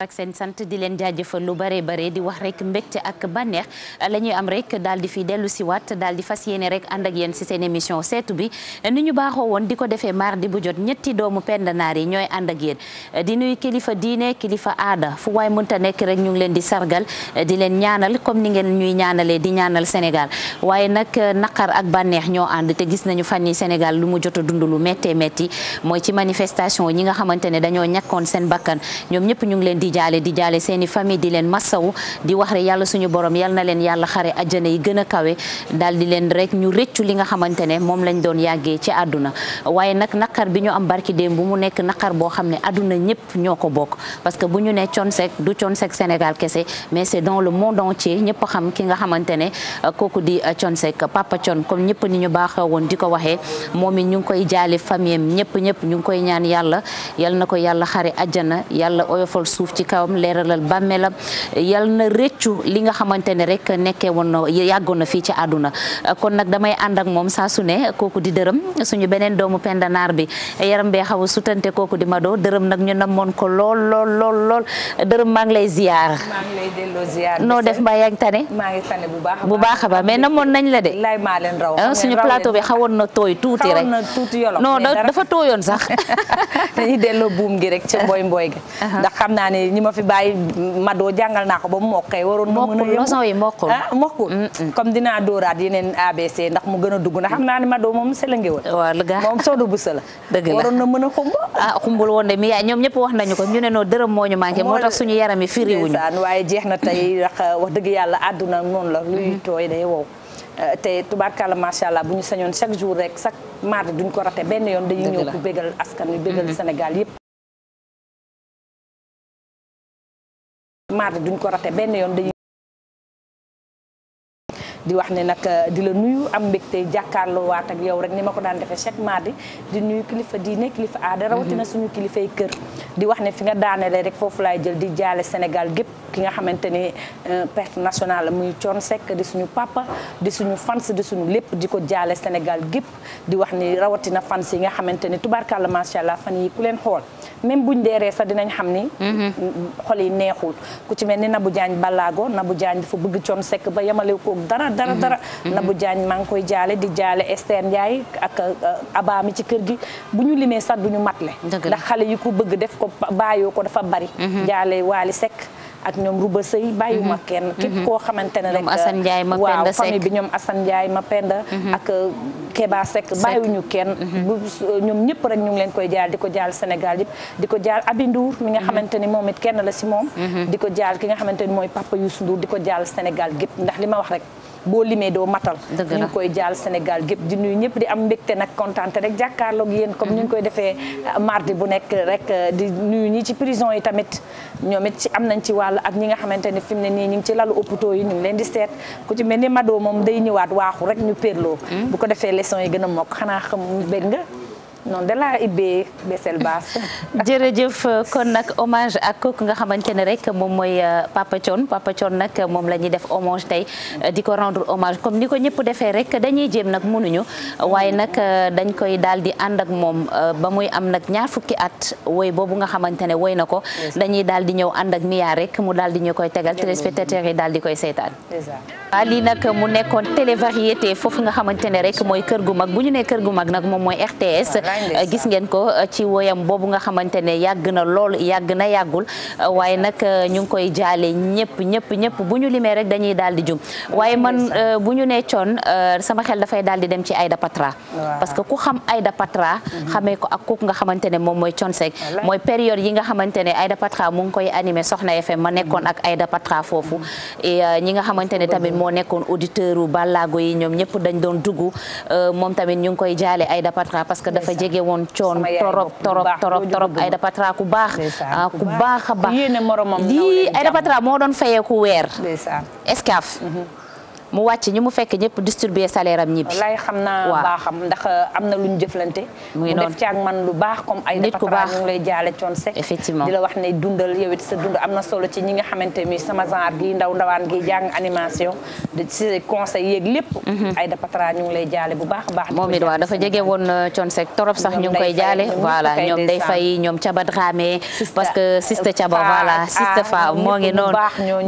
ak seen sant di leen jaajëfal lu bare bare di wax rek mbégte ak bànneex la ñuy am rek daal di fi dellu si waat daal di fas yéene rek ànd ak yéen si seen émission seetu bi ni ñu baaxoo woon di ko defee mardi bu jot ñetti doomu pendanaar yi ñooy ànd ak yéen di nuyu kilifa diine kilifa aada fu waay mënta nekk rek ñu ngi leen di sargal di leen ñaanal comme ni ngeen ñuy ñaanalee di ñaanal Sénégal waaye nag naqar ak bànneex ñoo ànd te gis nañu fan yi Sénégal lu mu jot a dund lu méttee métti mooy ci manifestation ñi nga xamante ne dañoo ñàkkoon seen bakkan koy jaale di jaale seen i famille di leen massawu di wax rek yàlla suñu borom yal na leen yàlla xare ajjana yi gën a kawe daal di leen rek ñu rëccu li nga xamante ne moom lañ doon yàggee ci àdduna waaye nag naqar bi ñu am barki démb bu mu nekk naqar boo xam ne àdduna ñëpp ñoo ko bokk parce que bu ñu ne Thione Seck du Thione Seck Sénégal kese mais c'est dans le monde entier ñëpp xam ki nga xamante ne euh, kooku di euh, Thione Seck Papa Thione ñëpp ni ñu baaxee woon di ko waxee moom it ñu ngi koy jaale famille ñëpp ñëpp ñu ngi koy ñaan yàlla yal na ko suuf ci kawam leeralal bàmmeelam yal na réccu li nga xamante ne rek nekkee woon na yàggoon na fii ci àdduna kon nag damay ànd ak moom saa su ne kooku di dërëm suñu beneen doomu pendanaar bi yaram bee xaw a sutante kooku di ma doo dërëm nag ñu namoon ko lool lool lool lool dërëm maa ngi lay ziar. maa ngi lay noo def mbaa yaa ngi tane. maa ngi bu baax a baax bu baax a baax mais namoon nañ la de. lay maa leen raw ah, suñu plateau bi xawoon na tooy tuuti rek. xawoon na tuuti yolof non dafa tooyoon sax. dañuy delloo buum gi rek ci mboy mboy gi. Uh-huh. yi ñi ma fi bàyyi madoo jàngal naa ko ba mu mokkee waroon na mën a leçon yi mokkul ah mokkul mm, mm. comme dinaa dóoraat yeneen ABC ndax mu gën a dugg na xam naa ne madoo moom sela ngi woon waaw la ga moom soodu dëgg la waroon na a xumb ah xumbul woon de mi ñoom ñëpp wax nañu ko ñu ne moo ñu manqué moo tax suñu yaram yi firiwuñu waaye jeex na tey ndax euh, wax dëgg yàlla àdduna noonu la luy mm-hmm. tooy day wow euh, te tubaarkàlla macha allah bu ñu sañoon chaque jour rek sa mardi duñ ko raté benn yoon dañuy ñëw ku bégal askan wi bégal mm-hmm. Sénégal yëpp mardi duñ ko raté benn yoon dañuy di wax ne nag euh, di la nuyu am mbégte jàkkaarloo waat ak yow rek ni ma ko daan defee chaque mardi di nuyu kilifa diine kilifa aada rawatina mhm. suñu kilifay kër di wax ne fi nga daanelee rek foofu laay jël di jaale Sénégal gépp ki nga xamante ni euh, perte nationale la muy Thione Seck di suñu papa di suñu fans di lépp di ko jaale Sénégal gépp di wax ni rawatina fans yi nga xamante ni tubaarkàlla macha allah fan yi ku leen xool même buñ deeree sax dinañ xam ni mhm. xol yi neexul ku ci mel ni Nabou Diagne Balago Nabou Diagne dafa bëgg Thione Seck ba yemale ko dara dara dara mm-hmm. na bu Diagne maa ngi koy jaale di jaale Esther Ndiaye ak euh, Aba mi ci kër gi bu ñu limee sax du ñu matle ndax xale yi ko bëgg def ko bàyyoo ko dafa bari mm-hmm. jaale Waly sekk ak ñoom Rouba Sey ma mm-hmm. kenn képp koo xamante ne rek Assane Ndiaye ma euh, waaw famille bi ñoom Assane Ndiaye ma penda ak euh, Kéba Seck bàyyiwuñu kenn bu ñoom ñëpp rek ñu ngi leen koy jaal di ko jaal Sénégal yëpp di ko jaal Abi Ndour mi nga xamante ni moom it kenn la si moom di ko jaal ki nga xamante ni mooy Papa Youssou Ndour di ko jaal Sénégal gépp ndax li ma wax rek boo limee doo matal ñu ngi koy jaal Sénégal gépp di nuyu ñëpp di am mbégte nag kontaan rek jàkkaarloog yéen comme ni ñu mm-hmm. koy defee euh, mardi bu nekk rek euh, di nuyu ñi ci prison yi tamit ñoom it ci am nañ ci wàll ak ñi nga xamante ne fi mu ne nii ñu ngi ci lalu hôpitaux yi ñu ngi leen di seet ku ci mel ni Mado moom day ñëwaat waaxu rek ñu péerloo mm-hmm. bu ko defee leçon yi gën a mokk xanaa xam bëgg nga non de la ibbee besel baas. jërëjëf kon nag hommage ak kooku nga xamante ne rek moom mooy euh, Papa Thione Papa nag moom la ñuy def hommage tey euh, di ko rendre hommage comme ni ko ñëpp defee rek dañuy jéem nag munuñu waaye nag euh, dañ koy daal di ànd ak moom ba muy am nag ñaar fukki at woy boobu nga xamante ne woy na ko. dañuy daal di ñëw ànd ak Mia rek mu daal di ñu koy tegal téléspectateurs yi daal di koy seetaan. waaw lii nag mu nekkoon télévariété foofu nga xamante ne rek mooy kër gu mag bu ñu ne kër gu mag nag moom mooy RTS. gis ngeen ko euh, ci woyam boobu nga xamante ne yàgg na lool yàgg na yàggul euh, waaye nag euh, ñu ngi koy jaale ñëpp ñëpp ñëpp bu ñu limee rek dañuy daal di jum waaye man bu ñu nee coon sama xel dafay daal di dem ci Aïda Patra parce que ku xam Aïda Patra mhm. xamee ko ak kooku nga xamante ne moom mooy Thione Seck mooy période yi nga xamante ne Aïda Patra mu ngi koy animé Soxna FM ma nekkoon ak Aïda Patra foofu mhm. et ñi nga xamante ne tamit moo nekkoon auditeur u bàllaago yi ñoom ñëpp dañ doon dugg moom jege woon coon torop torop torop torop da Patra ku baax ah, ku baax a baax lii Aïda Patra moo doon fayeeku weer escaf mhm. mu wàcc ñi mu fekk ñëpp distribuer salaire am ñibbi. wallaay xam naa baaxam ndax euh, am na lu ñu jëflante. muy noonu mu def ngi la wax ne dundal yow it sa dund am na solo ci ñi nga xamante ni sama genre gi ndaw ndawaan gi jàng animation di ci conseil yeeg lépp. Mhm. ay dapatara ñu ngi lay jaale a baax. moom it waaw dafa jege woon coon euh, sek torop sax ñu ngi koy jaale. voilà ñoom day fay ñoom caba dramé. parce que siste caba voilà siste fa ah, moo ngi noonu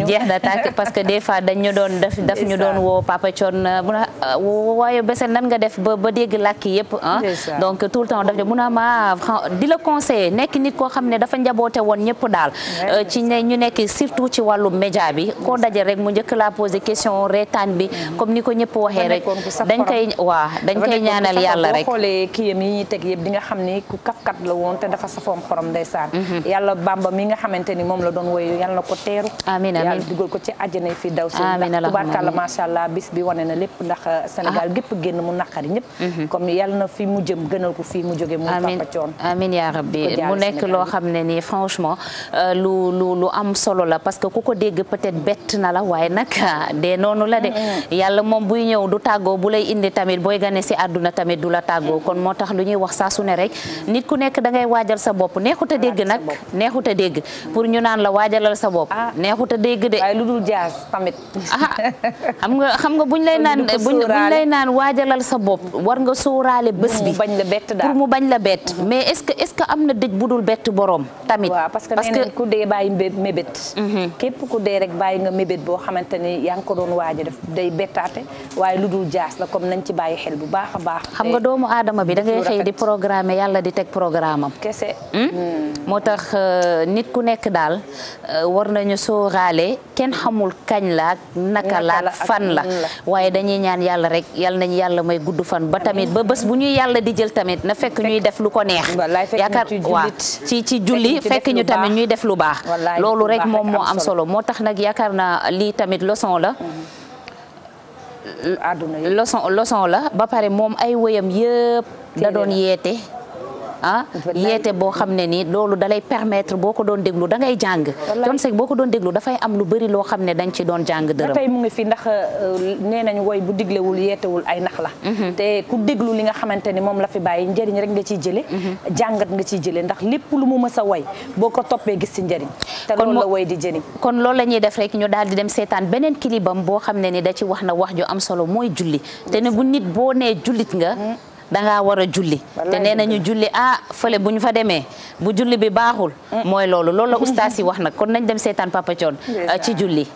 jeex na tàkk parce que des fois doon daf ñu doon doon woo Papa Thion euh, a euh, waaye bese nan nga def ba ba dégg làkk yëpp ah donc tout le temps mun a ma di la conseiller nekk nit koo xam ne dafa njaboote woon ñëpp daal euh, ci ne ñu nekk surtout ci wàllu média bi koo daje rek mu njëkk laa posé question reetaan bi mm-hmm. comme ni ko ñëpp waxee rek dañ koy waa dañ koy ñaanal yàlla rek xoolee kii yam yi ñuy teg yëpp di nga xam ni ku kafkat la woon te dafa safoon xorom ndeysaan mm-hmm. yàlla bamba mi nga xamante ni moom la doon woy yàlla ko teeru amiin amiin yàlla dugal ko macha allah bis bi wane na lépp ndax euh, Sénégal ah. gépp génn mu naqari ñëpp mm-hmm. comme yàlla na fi mu ko fii mu jóge mu nekk loo xam ne nii franchement euh, lu lu lu am solo la parce que ku ko dégg peut-être bett na la waaye nag ah, de noonu la de mm-hmm. yàlla moom buy ñëw du tàggoo bu lay indi tamit booy ganee si àdduna tamit du la tàggoo mm-hmm. kon moo tax lu ñuy wax saa su ne rek nit ku nekk da ngay waajal sa bopp neexut dégg nag neexut dégg pour ñu naan la waajalal sa bopp ah. neexut dégg de waaye lu dul jaas tamit xam nga xam nga buñ lay naan buñ lay naan waajalal sa bopp war nga sóoraale bés bi bañ la bett daal pour mu bañ la bett mm-hmm. mais est-ce que est-ce am na dëj bu dul bett borom tamit waaw parce que nee ku dee bàyyi mébét mm-hmm. képp ku dee rek bàyyi nga mébét boo xamante ni yaa ngi ko doon waaja def day bettaate waaye lu dul jaas la comme nañ ci bàyyi xel bu baax a baax xam nga doomu aadama bi da ngay xëy di programmer yàlla di teg programme am kese hmm? Hmm. moo tax euh, nit ku nekk daal euh, war nañu sóoraale kenn xamul kañ la lan la mm-hmm. waaye dañuy ñaan yàlla rek yal nañ yàlla mooy gudd fan ba tamit ba bés bu ñuy yàlla di jël tamit na fekk ñuy def lu ko neex yaakaar waaw ci ci julli fekk ñu tamit ñuy def lu baax loolu rek moom moo am solo moo tax nag yaakaar na lii tamit leçon la mm-hmm. leçon leçon la ba pare moom ay woyam yëpp da doon yeete ah yeete boo xam ne nii loolu dalay permettre boo ko doon déglu da ngay jàng Thione Seck boo ko doon déglu dafay am lu bëri loo xam ne dañ ci doon jàng dërëm tey mu fi ndax euh, nee nañu woy bu diglewul yeetewul ay nax la mm-hmm. te ku déglu li nga xamante ni moom la fi bàyyi njëriñ rek nga ciy jële mm-hmm. jàngat nga ciy jële ndax lépp lu mu mës a woy boo ko toppee gis ci njëriñ te loolu la woy di jëriñ kon loolu la ñuy def rekk ñu daal di dem seetaan beneen kilibam boo xam ne ni da ci wax na wax ju am solo mooy julli te ne bu nit boo nee jullit nga mm. dangaa war a julli te nee nañu julli ah fële bu ñu fa demee bu julli bi baaxul mm. mooy loolu loolu la wax nag kon nañ dem seetaan Papa Thione euh, ci julli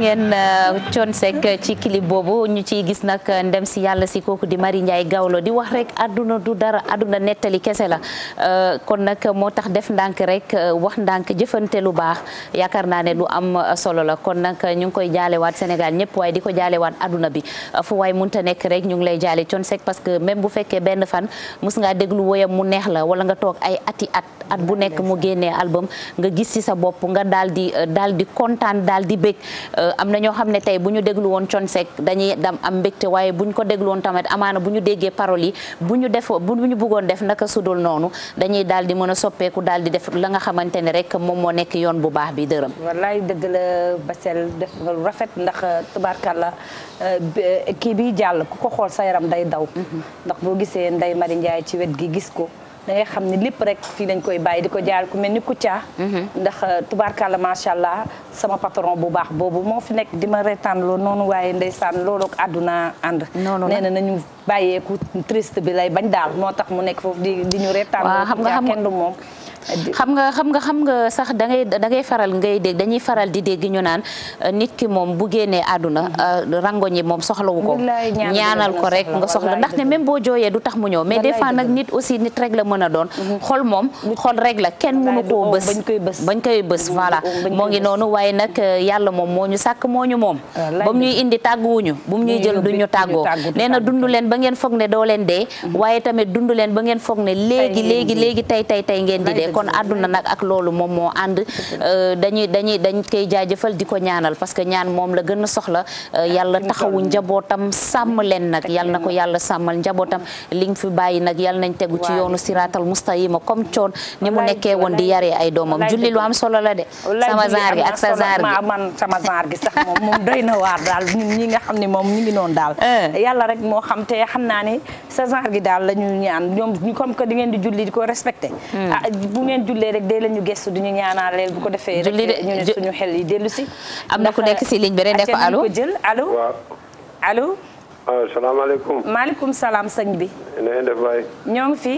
ngeen euh, Thione Seck ci clip boobu ñu ciy gis nag ndem si yàlla si kooku di mari Ndiaye Gawlo di wax rek adduna du dara adduna nettali kese la euh, kon nag moo tax def ndànk rek euh, wax ndànk jëfante lu baax yaakaar naa ne du am solo la kon nag ñu ngi koy jaalewaat Sénégal ñëpp waaye di ko jaale jaalewaat àdduna bi fu waay munta nekk rek ñu ngi lay jaale Thione Seck parce que même bu fekkee benn fan mus ngaa déglu woyam mu neex la wala nga toog ay ati at at bu nekk mu génnee album nga gis ci sa bopp nga daal di euh, daal di kontaan daal di bég euh, am na ñoo xam ne tey bu ñu déglu woon Thione Seck dañuy dam am mbégte waaye bu ñu ko déglu woon tamit amaana bu ñu déggee paroles yi bu ñu defoo bu ñu buggoon def naka sudul noonu dañuy daal di mën a soppeeku daal di def la nga xamante ne rek moom moo nekk yoon bu baax bi dërëm wallaay dëgg la Bassel def nga lu rafet ndax euh, la kii bi jàll ku ko xool sa yaram day daw mm-hmm. ndax boo gisee Ndeye Mari Ndiaye ci wet gi gis ko da ngay xam ne lépp rek fii lañ koy bàyyi di ko jaar ku mel ni ku Kouthia. Mhm. ndax euh, tubaarkàlla macha allah sama patron bu baax boobu moo fi nekk di ma reetaan loo noonu waaye ndeysaan loolu ak àdduna ànd. nee na nañu bàyyeeku triste bi lay bañ daal moo tax mu nekk foofu di di ñu reetaan. waaw xam nga xam kenn du moom. xam nga xam nga xam nga sax da ngay da ngay faral ngay dégg dañuy faral di dégg ñu naan euh, nit ki moom bu génnee àdduna euh, rango ñi moom soxlawu ko ñaanal ko rek nga soxla ndax ne même boo jooyee du tax mu ñëw mais des fois nag aussi nit rek la mën a doon xol moom xol rek la kenn mënu koo bës bañ koy bës voilà moo ngi noonu waaye nag euh, yàlla moom moo ñu sàkk moo ñu moom ba mu ñuy indi tàgguwuñu bu mu ñuy jël du ñu tàggoo nee na dund leen ba ngeen foog ne doo leen dee mhm. waaye tamit dund leen ba ngeen foog ne léegi léegi léegi tey tey tey ngeen di dee kon àdduna nag ak loolu moom moo ànd euh, dañuy dañuy dañ koy jaajëfal di ko ñaanal parce que ñaan moom la gën a soxla euh, yàlla taxawu njabootam sàmm leen nag yàlla na ko yàlla sàmmal njabootam li nga fi bàyyi nag yàlla nañ tegu ci yoonu siraatal mustaqima comme coon ni mu nekkee woon di yaree ay doomam julli lu am solo la de sama genre gi ak sa genre gi man sama genre gi sax moom moom doy na waar daal ñun ñi nga xam ne moom ñu ngi noonu daal euh. yàlla rek moo xam te xam naa ne sa genre gi daal la ñaan comme que di ngeen di julli di ko bu ngeen jullee rek dee lañu gëstu duñu ñaanaleel bu ko defee rek ñu ne suñu xel yi dellu si am na ku nekk si ligne bi rek ne ko allo jël allo allo asalaamaaleykum ah, maaleykum salaam sëñ bi na ngeen def waay ñoo ngi fi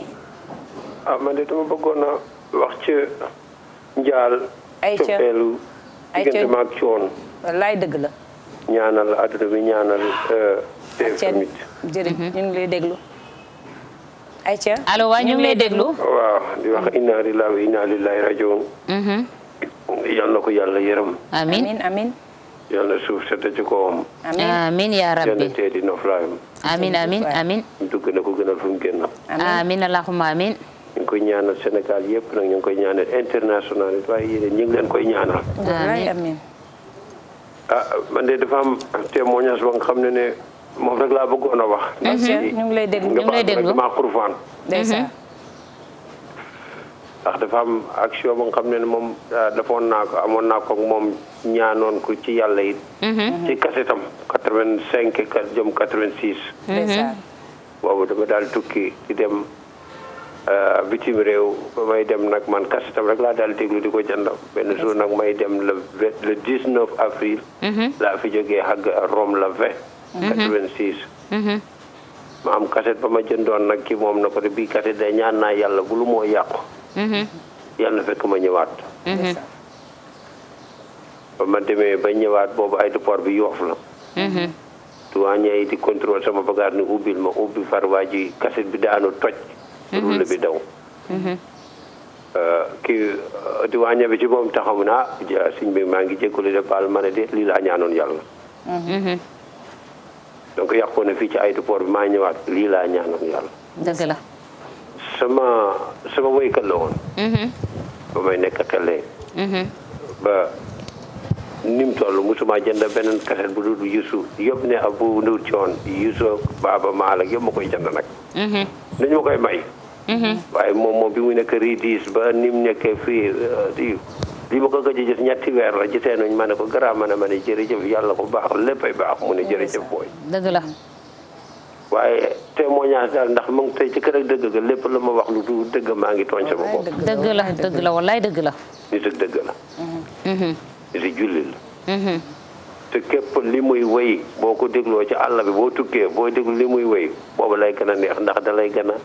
ah man de dama bëggoon a wax ci njaal ay ca toppeelu diggante maag coon wallaay dëgg la ñaanal adduna bi ñaanal te euh, tamit jërëjëf ñu ngi lay déglu ayca allo waaw ñu ngi lay déglu. waaw di wax inna lillahi wa inna ilayhi rajiun. Mhm. yal na ko yàlla yërëm. amiin amiin. yal na suuf sedd a kawam. amiin amiin yaa rabbi. yal na tee di noflaayam. amiin amiin amiin. dugg na ko gënal fu mu génn. amiin allahumma amiin. ñu ngi koy ñaanal Sénégal yëpp nag ñu koy ñaanal international waaye yéen ñu leen koy ñaanal. Ah, man de dafa am témoignage ba xam ne ne. moom rek laa bëggoon a wax. Mhm. ñu ngi lay déglu ñu ngi lay déglu mhm. ndax dafa am action ba nga xam ne moom euh, defoon naa ko amoon naa ko moom ñaanoon ko ci yàlla it. Mhm. ci kasetam quatre vingt cinq jëm quatre vingt six. boobu dama daal tukki di dem euh, bitim réew ba may dem nag man kasetam rek laa daal déglu di ko jënd benn jour nag may dem le le laa fi jógee àgg Rome le vingt. 86. Mhm. Mhm. ma am kaset ba ma jëndoon nag ki moom na ko de bii kaset day ñaan naa yàlla bu lu moo yàqu. Mhm. yàlla na fekk ma ñëwaat. ba ma demee ba ñëwaat boobu aéroport bi yoof la. douanier yi di contrôle sama bagage ni ubbil ma ubbi far waa ji kaset bi daanu toj. rulle bi daw. Euh, kii euh, douanier bi ci moom taxaw na ah siñ bi maa ngi jégalu de baal ma ne de lii laa ñaanoon yàlla. donc yàqoon na fii ci aéroport bi maa ñëwaat lii laa ñaanoon yàlla. dëgg la. sama sama woykat la woon. Mm-hmm. ba may nekk xellee. Mm-hmm. ba ni mu toll mosuma jënd beneen kaset bu dul Youssou yëpp ne Abou Ndour Thione Youssou Baaba Maal ak yëpp ma koy jënd nag. dañu mm-hmm. ma koy may. waaye moom moom bi mu nekk Ridis ba ni mu fii euh, bi ma ko gëj a gis ñetti weer la giseenuñ ma ne ko gëraa ma ne ma ne jërëjëf yàlla ko baax lépp léppay baax mu ne jërëjëf booy dëgg la waaye te témoignage daal ndax mu ngi tey ci kër ak dëgg ga lépp la ma wax lu du dëgg maa ngi tooñ sama bopp dëgg la la wallaay la nit dëgg la nit ak julli la mm-hmm. Mm-hmm. Mm-hmm. te képp li muy wéy boo ko dégloo ci àll bi boo tukkee boo déglu li muy wéy boobu lay gën a neex ndax dalay gën a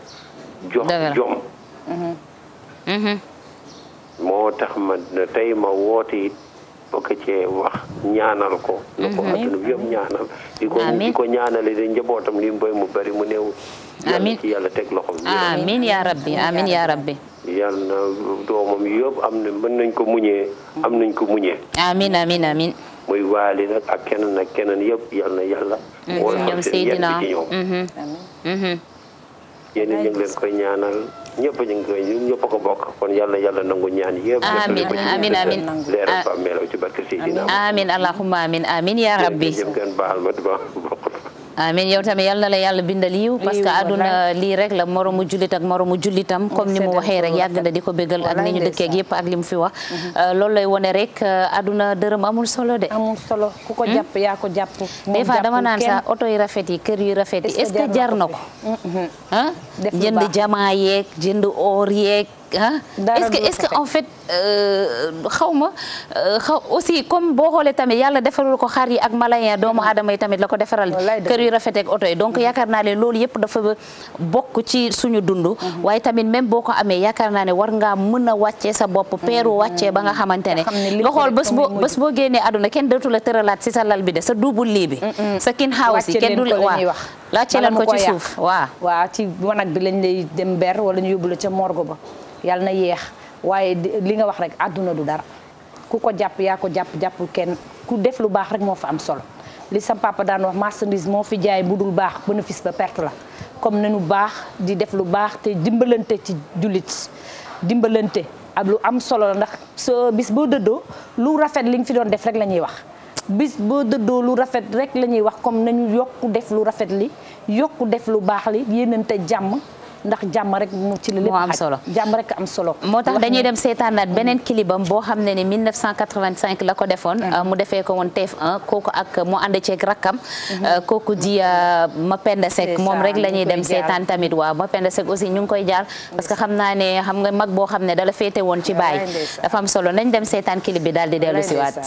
jox jom moo tax ma tey ma woote it bokk cee wax ñaanal ko na mhm. ko àdduna bi ñaanal di ko di ko ñaanale di njabootam li mu mu bari mu néew amiin yàlla teg loxo amiin yaa rabbi amiin yaa rabbi yàlla doomam yëpp am na mën nañ ko muñee am nañ ko muñee amiin amiin amiin muy waali nag ak keneen ak keneen yëpp yàlla na yàlla mm-hmm. Seydina ñoom mm-hmm. Mm-hmm. ñaanal ñëpp ñu ngi koy ñëpp a ko bokk kon yàlla yàlla nangu ñaan yëpp. amiin amiin amiin leeral fa meelaw ci barke Sidina. amiin allahumma amiin amiin yaa rabbi. jërëjëf ngeen baal ma amiin ah, yow tamit yal na la yàlla bindal yiw parce que àdduna lii rek la moromu jullit ak moromu jullitam comme ni mu waxee rek yàgg na di ko bégal ak ni ñu dëkkeek yëpp ak li fi wax mhm. ah, loolu lay wone rek ah, àdduna dërëm amul solo de amul hmm? dama naan sax oto yu yi kër yu rafet yi est-ce que jar na ko mhm. ah jënd jamaa yeeg jënd oor yeeg ah est-ce que est-ce en fait euh, xaw ma euh, xaw aussi comme boo xoolee tamit yàlla defarul ko xar yi ak malayen doomu mm-hmm. aadama yi tamit la ko defaral kër yu rafet ak oto yi donc mm-hmm. yaakaar naa ne loolu yëpp dafa bokk ci suñu dund mm-hmm. waaye tamit même boo ko amee yaakaar naa ne war ngaa mën a wàcce sa bopp peeru wàccee ba nga xamante ne nga xool bés boo bés boo génnee àdduna kenn dootu la tëralaat sa lal bi de sa duubul lii bi sa kin xaaw si kenn du la waaw laajte ko ci suuf waa waaw ci wanag bi lañ lay dem ber wala ñu yóbbu la ca morgue ba yàlla na yéex waaye li nga wax rek àdduna du dara ku ko jàpp yaa ko jàpp jàpp kenn ku def lu baax rek moo fa am solo li sa papa daan wax marchandise moo fi jaay bu dul baax bénéfice ba perte la comme na nañu baax di def lu baax te dimbalante ci jullit dimbalante ak lu am solo la ndax bis boo dëddoo lu rafet li nga fi doon def rek la ñuy wax bis boo dëddoo lu rafet rek la ñuy wax comme nañu yokk def lu rafet li yokku def lu baax li yéenante jàmm ndax jàmm rek mu ci la am solo jàmm rek am solo moo tax dañuy dem seetaanaat beneen kilibam boo xam ne ne 1985 la ko defoon euh, mu defee ko woon TF1 kooku ak mu ànd ceeg rakkam mhm. euh, kooku di euh, Mapenda Seck moom rek la ñuy dem seetaan tamit waaw Mapenda Seck aussi ñu ngi koy jaar parce que xam naa ne xam nga mag boo xam ne dala féete woon ci baay dafa am solo nañ dem seetaan kilib bi daal di dellu si waat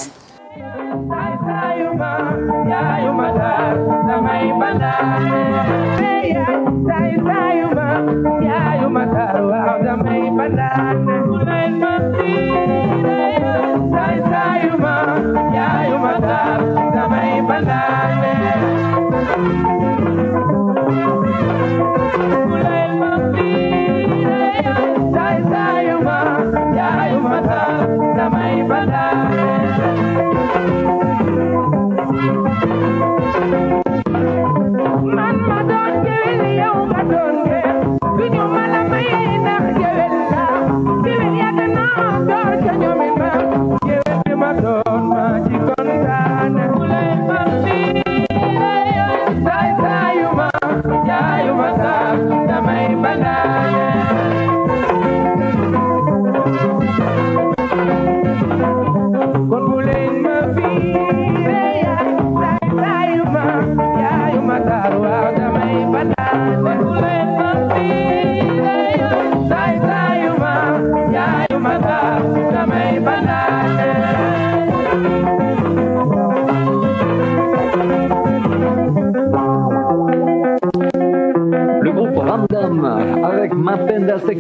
Sek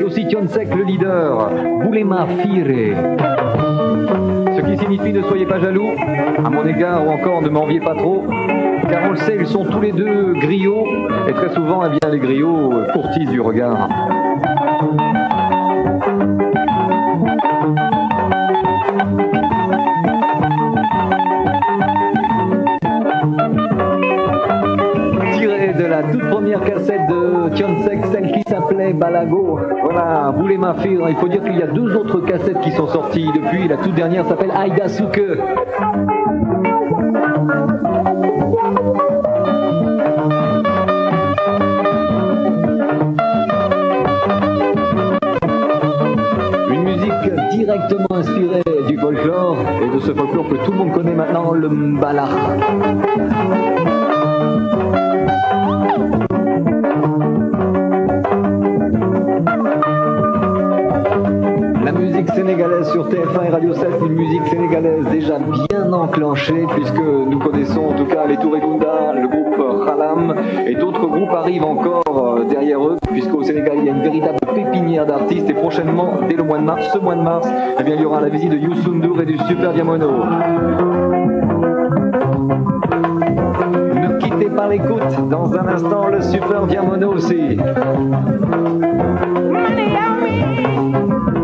Sek, le leader, Boulema Fire. Ce qui signifie ne soyez pas jaloux, à mon égard ou encore ne m'enviez pas trop, car on le sait, ils sont tous les deux griots, et très souvent, eh bien, les griots courtisent du regard. a fait, il faut dire qu'il y a deux autres cassettes qui sont sorties depuis. La toute dernière s'appelle Aida Souke. la musique sénégalaise sur tf et Radio 7, une musique sénégalaise déjà bien enclenchée puisque nous connaissons en tout cas les Tourekunda, le groupe Ralam et d'autres groupes arrivent encore euh, derrière eux puisqu'au Sénégal il y a une véritable pépinière d'artistes et prochainement dès le mois de mars, ce mois de mars, eh il y aura la visite de Youssou et du Super Diamono. Ne quittez pas l'écoute, dans un instant le Super Diamono aussi. Money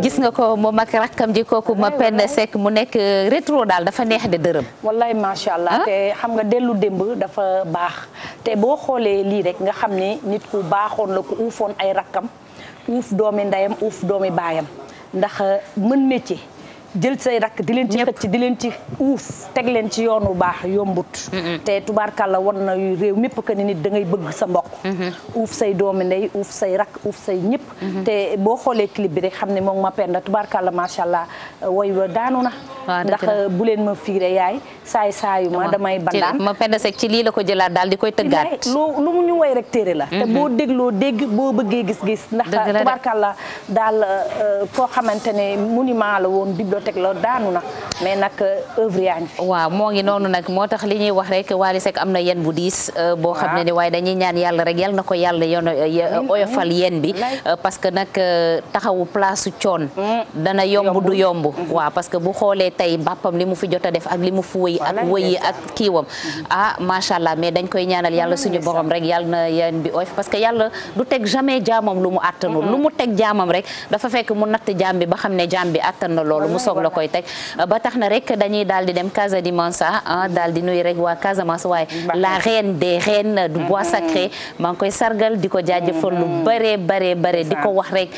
gis nga ko moom mag rakkam ji kooku ma penn sekk mu nekk euh, rétro daal dafa neex de dërëm wallaay macha allah ah? te xam nga dellu démb dafa baax te boo xoolee lii rek nga xam ne nit ku baaxoon la ku uufoon ay rakkam uuf doomi ndeyam uuf doomi baayam ndax euh, mën métier jël say rakk di leen ci di leen ci uuf teg leen ci yoon wu baax yombut te la won na réew mépp que ni nit da ngay bëgg sa mbokk mm-hmm. uuf say doomi ndey uuf say rak uuf say ñëpp mm-hmm. te boo xoolee clip bi rek xam ne moom ma penda tubaarkàlla allah uh, woy wa daanu na ndax uh, bu leen ma fiire yaay saay saayu ma damay bandaan ma penda sek ci lii la ko jëlaat daal di koy tëggaat lu mu ñu woy rek téere la te mm-hmm. boo dégloo dégg boo bëggee gis-gis ndax tubaarkàlla daal uh, koo xamante ne monument la woon bibliothèque la daanu na mais nag œuvre yaa ngi waaw moo ngi noonu nag moo tax li ñuy wax rek Wally am na yéen bu diis. Euh, boo xam ne ni waaye dañuy ñaan yàlla rek yal na ko yàlla yoon euh, oyofal yéen bi. Euh, parce que nag taxawu place coon. Mm. dana yomb du yomb. Mm-hmm. waaw parce que bu xoolee tey bàppam li mu fi jot a def ak li mu fu wëy ak wëyi ak kiiwam. Mm-hmm. ah macha allah mais dañ koy ñaanal yàlla mm, suñu borom rek yal na yéen bi oyof parce que yàlla du teg jamais jaamam lu mu àttanul. Mm-hmm. lu mu teg jaamam rek dafa fekk mu natt jaam bi ba xam ne jaam bi àttan na loolu mu soog la koy teg ba tax na rek dañuy daal di dem Ouza di Mansa daal di nuy rek waa Casamance waaye la reine des reines du bois mm-hmm. sacré maa ngi koy sargal di ko jaajëfal lu mm-hmm. bare bare bare di ko wax rek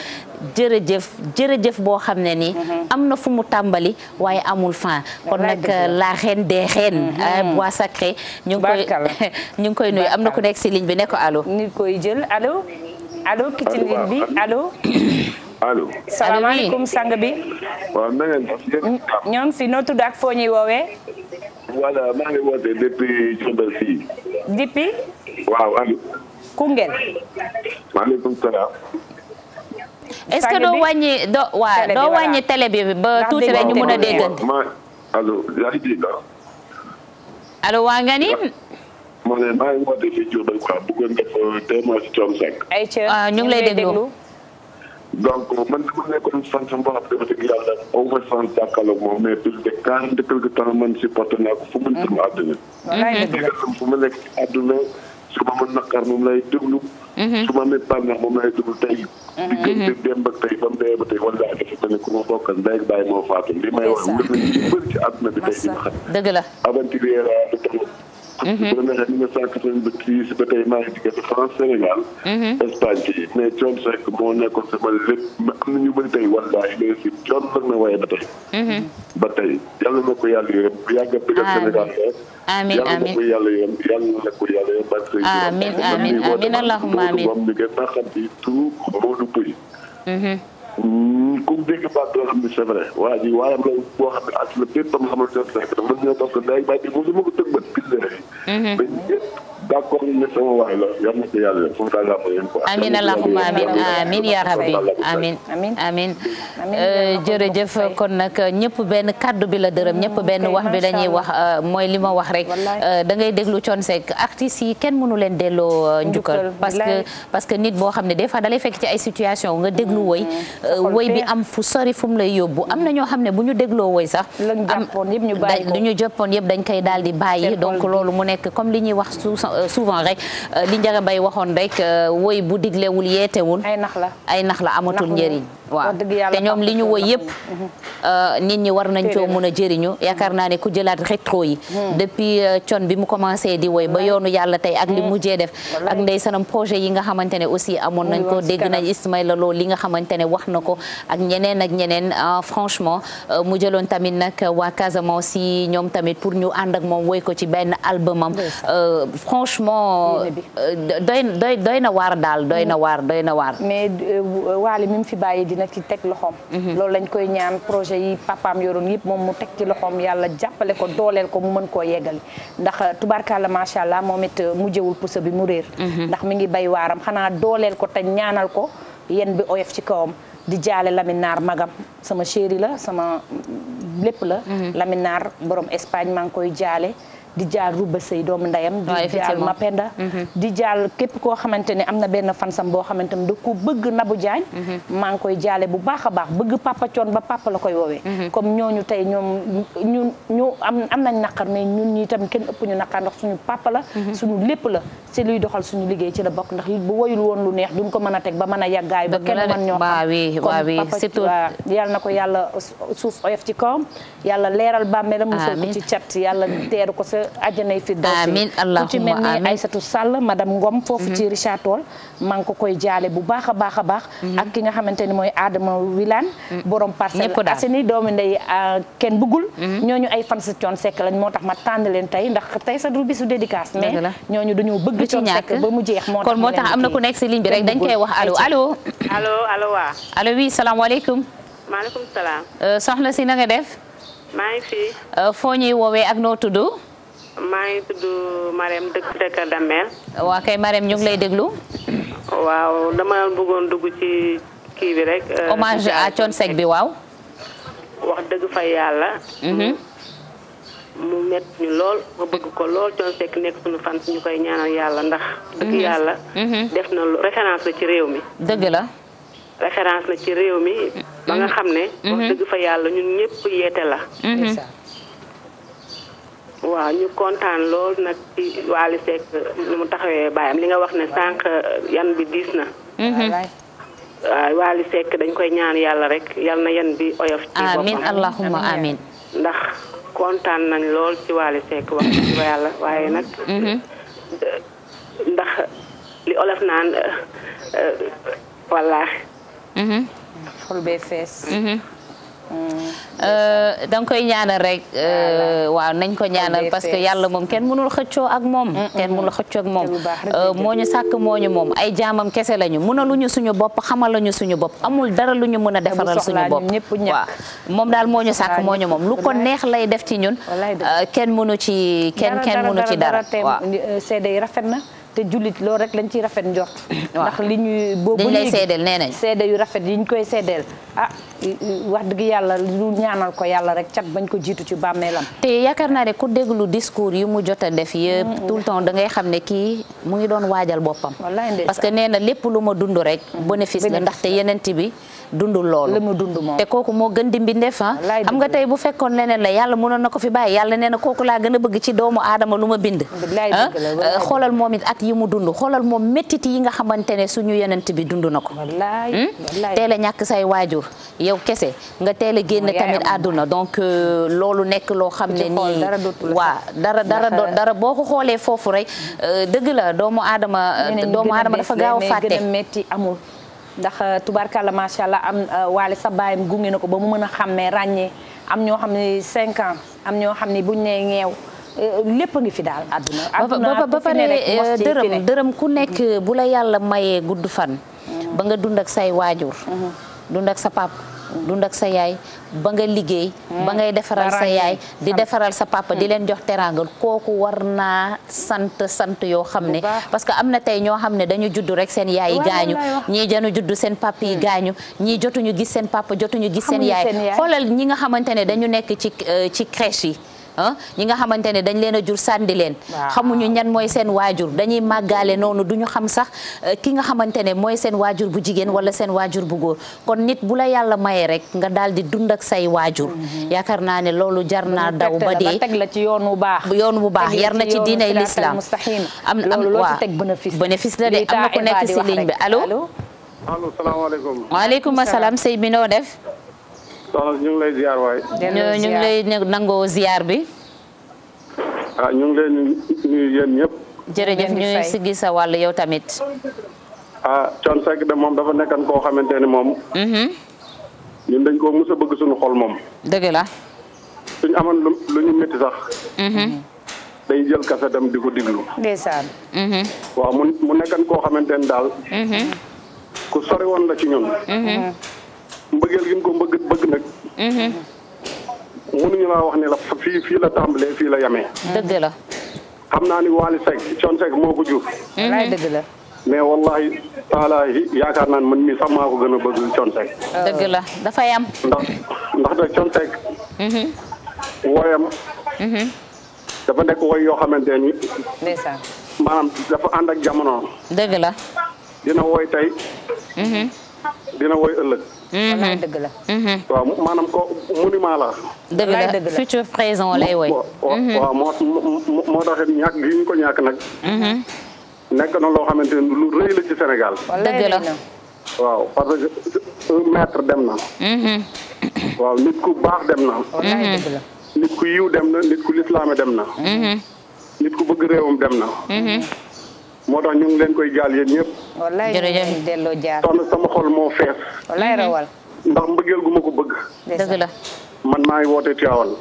jërëjëf jërëjëf boo xam ne nii mm-hmm. am na fu mu tàmbali waaye amul fin kon nag la reine de reines bois sacré ñu ngi koy ñu am na ku nekk si ligne bi ne ko allo nit koy jël bi allo allo. salaamaaleykum sang bi. waaw na ngeen def. ñoom si noo tudd ak foo ñuy woowee. voilà maa ngi woote depuis Diourbel fii. depuis. waaw allo. Koungheul. waaleykum salaam. est-ce que doo wàññi doo waa doo wàññi télé bi ba tuuti rek ñu mun a déggante. ma allo yaa ngi dégg ah? allo waa nga ni. maa ngi woote fii Diourbel quoi bëggoon nga fa deux mois ci coom cinq. ayca ñu ngi lay déglu. donc man dama nekkoon sant boo xam ne dafa dëgg yàlla on va sant jàkkaarloog moom mais plus de quarante quelque temps fu mu nekk mu àdduna. dëgg fu ma nekk ci àdduna su ma mën naqar moom lay déglu. Mhm. su ma amee bànneex moom lay déglu tey. Mhm. diggante démb ak tey ba mu dee ba tey wala dafa mel ni ku ma bokkal ndey ak bàyyi moo faatu li may wax wër nañu bëri bi tey di ma xam. dëgg la aventurier première mille neuf cent quatre-vingt-dix ba tey maa ngi diggante France Sénégal mhm. Espagne bi mais Thione Seck moo nekkoon sama lépp ma am na ñu bëri tey wallaay léegi si Thione nag na waaye ba tey mhm. ba tey yàlla na ko yàlla yërëm bu yàgg a bëggal Sénégal amiin amiin yàlla yàlla na ko yàlla yërëm barke amiin amiin amiin allahumma amiin moom mi gën a xam ci tout Modou Pouye mhm. ku dégg baat doo xam ne c'est vrai waa ji waaye am na boo xam ne àdduna bépp am xam ne dafa mën ñoo bokk ndey bàyyi moom dama ko tëg bët bind d'accord ñu sama waay la yal na ci yàlla kontaan naa ko yéen quoi. jërëjëf kon nag ñëpp benn kaddu bi la dërëm ñëpp hmm, benn wax bi la ñuy wax euh, mooy li ma wax rek euh, da ngay déglu Thione Seck artistes yi kenn mënu leen delloo euh, njukkal parce que parce que nit boo xam ne des fois da fekk ci ay situation nga déglu hmm, woy hmm. woy bi am fu sori fu lay yóbbu am na ñoo xam ne bu ñu dégloo woy sax am du ñu joppoon yëpp dañ koy daal di bàyyi donc loolu mu nekk comme li ñuy wax Euh, souvent rek euh, li Ndiaga Mbaye waxoon rek euh, woy bu diglewul yeetewul. ay nax la ay nax la amatul njëriñ. waaw te ñoom li ñu woy yëpp. Mhm. nit ñi war nañ coo mën a jëriñu yaakaar naa ne ku jëlaat rétro yi. Mhm. depuis con bi mu commencé di woy ba yoonu yàlla tey ak li mhm. mujjee def. ak ndeysanam projet yi nga xamante ne aussi amoon nañ ko dégg nañ Ismaïla Lo li nga xamante ne wax na ko ak ñeneen ak ñeneen franchement mu jëloon tamit nag waa Casamance si ñoom tamit pour ñu ànd ak moom woy ko ci benn albumam. franchement euh, doy doy doy na waar daal doy na waar doy na waar. mais euh, waale mi mu fi bàyyi dina ci teg loxoom. Mhm. loolu lañ koy ñaan projet yi papaam yoroon yëpp moom mu teg ci loxoom yàlla jàppale ko dooleel ko mu mën koo yeggali ndax euh, tubaarkàlla macha allah moom it mu mujjewul puso bi mu réer. Mhm. ndax mi ngi bay waaram xanaa dooleel ko te ñaanal ko yen bi oyof ci kawam. di jaale laminaar magam sama chéri la sama lépp la mhm. laminaar borom Espagne maa ngi koy jaale di jaar Rouba Sey doomu ndeyam di jaar Mapenda mm-hmm. di jaar képp koo xamante ne am na benn fansam boo xamante ne da ko bëgg Nabou Diagne mm-hmm. maa ngi koy jaale bu baax a baax bëgg papa coon ba papa la koy woowee mm-hmm. comme ñooñu tey ñoom ñun ñu am am nañ naqar mais ñi tam kenn ëpp ñu naqar ndax suñu papa la suñu lépp la ci luy doxal suñu ci la bokk ndax bu woyul woon neex duñ ko mën a teg a yàggaay ba kenn mën ñoo xam yàlla na ko yàlla suuf oyof ci kawam yàlla leeral bàmmeelam musal ko ci cat yàlla teeru ko sa àjjanay fi daw amiin allahumma amiin ku ci mel ni Aysatu Sall madame Ngom foofu mhm. ci Richard Toll maa ko koy jaale bu baax a baax a baax mhm. ak ki nga xamante ni mooy Adama Wilane mhm. borom Parcelles Assainies doomi ndey euh, kenn bëggul ñooñu ay fan sa Thione Seck lañ moo tax ma tànn leen tey ndax tey sa du bisu dédicace mais ñooñu dañoo bëgg Thione Seck ba mu jeex moo tax kon am na ku nekk si ligne bi rek dañ koy wax allo allo allo allo waa allo oui salaamaaleykum maaleykum salaam euh, soxna si na nga def maa ngi fi euh, foo ñuy woowee ak noo tudd maa ngi tudd Marème dëgg dëkk Damel. waa kay Marème ñu ngi lay déglu. waaw dama bëggoon dugg ci kii bi rek. Euh, hommage à Thione bi waaw. wax dëgg fa yàlla. Mhm. mu mett ñu lool nga bëgg ko lool Thione nekk suñu fan ñu koy ñaanal yàlla ndax. dëgg mhm. yàlla. Mhm. def na référence la ci réew mi. dëgg la. référence la ci réew mi. ba nga xam ne. wax dëgg fa yàlla ñun ñëpp yeete la. waaw ñu kontaan lool nag ci Wally Seck lu mu taxawee baayam li nga wax ne sànq yan bi diis na. Mhm. waaw Wally Seck dañ koy ñaan yàlla rek yal na yan bi oyof. ci boppam ndax kontaan nañ lool ci Wally Seck yàlla waaye nag. Mhm. ndax li olof naan euh, euh, wallaahi. Mhm. xol bee fees. da nga koy ñaanal rek. Euh, waaw nañ ko ñaanal parce que yàlla moom kenn mënul xëccoo ak moom. kenn mënul xëccoo ak moom. Euh, moo ñu sàkk moo ñu moom ay jaamam kese lañu ñu suñu bopp xamaluñu suñu bopp amul dara lu ñu mën a defaral suñu bopp. waaw moom daal moo ñu sàkk moo ñu moom lu ko neex lay def ci ñun. Euh, kenn mënu ci kenn kenn mënu ci dara waaw. seede yi rafet na. te jullit lool rek lañ ciy rafet njort. ndax li ñuy boobu dañ lay seedeel nee nañ seede yu rafet yi ñu koy seedeel ah wax dëgg yàlla lu ñaanal ko yàlla rek cat bañ ko jiitu ci bàmmeelam. te yaakar naa ne ku déglu discours yi mu jot a def yëpp. tout le temps da ngay xam ne kii mu ngi doon waajal boppam. parce que nee na lépp lu ma dund rek. Mm-hmm. bénéfice la ndaxte yeneen bi. dundul loolu la mu dund moom te kooku moo gën di mbindeef ah xam nga tey bu fekkoon leneen la yàlla mënoon na ko fi bàyyi yàlla nee na kooku laa gën a bëgg ci doomu aadama lu ma bind ah, ah, xoolal moom it at yi mu dund xoolal moom méttit yi nga xamante ne suñu yonent bi dund na ko hmm? teel a ñàkk say waajur yow kese nga teel a génn tamit àdduna donc euh, loolu nekk loo xam ne nii waa dara dara dara boo ko xoolee foofu rek euh, dëgg la doomu aadama doomu aadama dafa gaaw fàtte ndax euh, tubaarkàlla macha allah am euh, waale sa baayam gunge na ko ba mu mën a xàmmee ràññee am ñoo xam ne 5 ans am ñoo xam ni buñ nee ngeew euh, lépp a ngi fi daal àdduna ba ne pare dërëm dërëm ku nekk mm-hmm. bu la yàlla mayee gudd fan. Mm-hmm. ba nga dund ak say waajur. Mm-hmm. dund ak sa pap dund ak sa yaay ba nga liggéey hmm. ba ngay defaral sa yaay di defaral sa papa di hmm. leen jox teraangal kooku war naa sant sant yoo xam ne parce que am na tey ñoo xam ne dañu judd rek seen yaay yi gaañu ñii janu judd seen papa yi hmm. gaañu ñii jotuñu gis seen jotu ñu gis seen yaay xoolal ñi nga xamante ne dañu nekk ci euh, ci crèche yi Ah, ñi nga xamante ne dañ leen a jur sànni leen xamuñu ñan mooy seen waajur dañuy màggaale noonu duñu xam sax eh, ki nga xamante ne mooy seen waajur bu jigéen wala seen waajur bu góor kon nit bu la yàlla maye rek nga daal di dund ak say waajur mm-hmm. yaakaar naa ne loolu jar naa daw ba dee teg la ci yoon wu baax yoon wu baax yar na ci diinay lislaam am am waaw bénéfice la de am na ku nekk si ligne bi allo allo salaamaaleykum waaleykum asalaam sëy bi noo def soxna ñu ngi lay ziar waay. ñu ngi lay nangoo ziar bi. ah ñu ngi leen di nuyu yéen ñëpp. jërëjëf ñuy siggi sa wàll yow tamit. ah Thione Seck de moom dafa nekkan koo xamante ni moom. Mm-hmm. ñun dañ koo musa bëgg suñu xol moom. dëgg la. suñ amoon lu lu ñu métti sax. Mm-hmm. day jël kasa dem di ko diglu. ndeysaan. Mm-hmm. mu mu nekkan koo xamante ni daal. ku sori woon la ci ñun. mbëggeel gi mu ko mbëgg bëgg nag. Mhm. mënuñu laa wax ne la fii fii la tàmbalee fii la yamee. Mhm. dëgg la. xam naa ni Waly Seck Thione Seck moo ko jur. Mhm. wallaay dëgg la. mais wallahi taalaahi yaakaar naan man mii sax maa ko gën a bëgg Thione Seck. Oh. dëgg la dafa yam. ndax ndax nag Thione Seck. woyam. dafa nekk woy yoo xamante ni. ndeysaan. maanaam dafa ànd ak jamono. dëgg la. dina woy tey. dina woy ëllëg. wallaay mhm. dëgg la. Mhm. waaw maanaam ko monument la. dëgg la futur présent lay woy. waaw mhm. moo moo taxit ñàkk gi ñu ko ñàkk nag. nekk na loo xamante ni lu rëy la ci Sénégal. dëgg la. waaw parce que un maître dem na. waaw nit ku baax dem na. nit ku yiw dem na nit ku lislaame dem na. nit ku bëgg réewam dem na. moo tax ñu leen koy jaal yéen ñëpp. wallaay jërëjëf delloo jaar. soxna sama xol moo fees. wallaay rawal. Mm-hmm. ndax mbëggeel gu ma ko bëgg. dëgg la. man maa ngi woote Tiwaawan.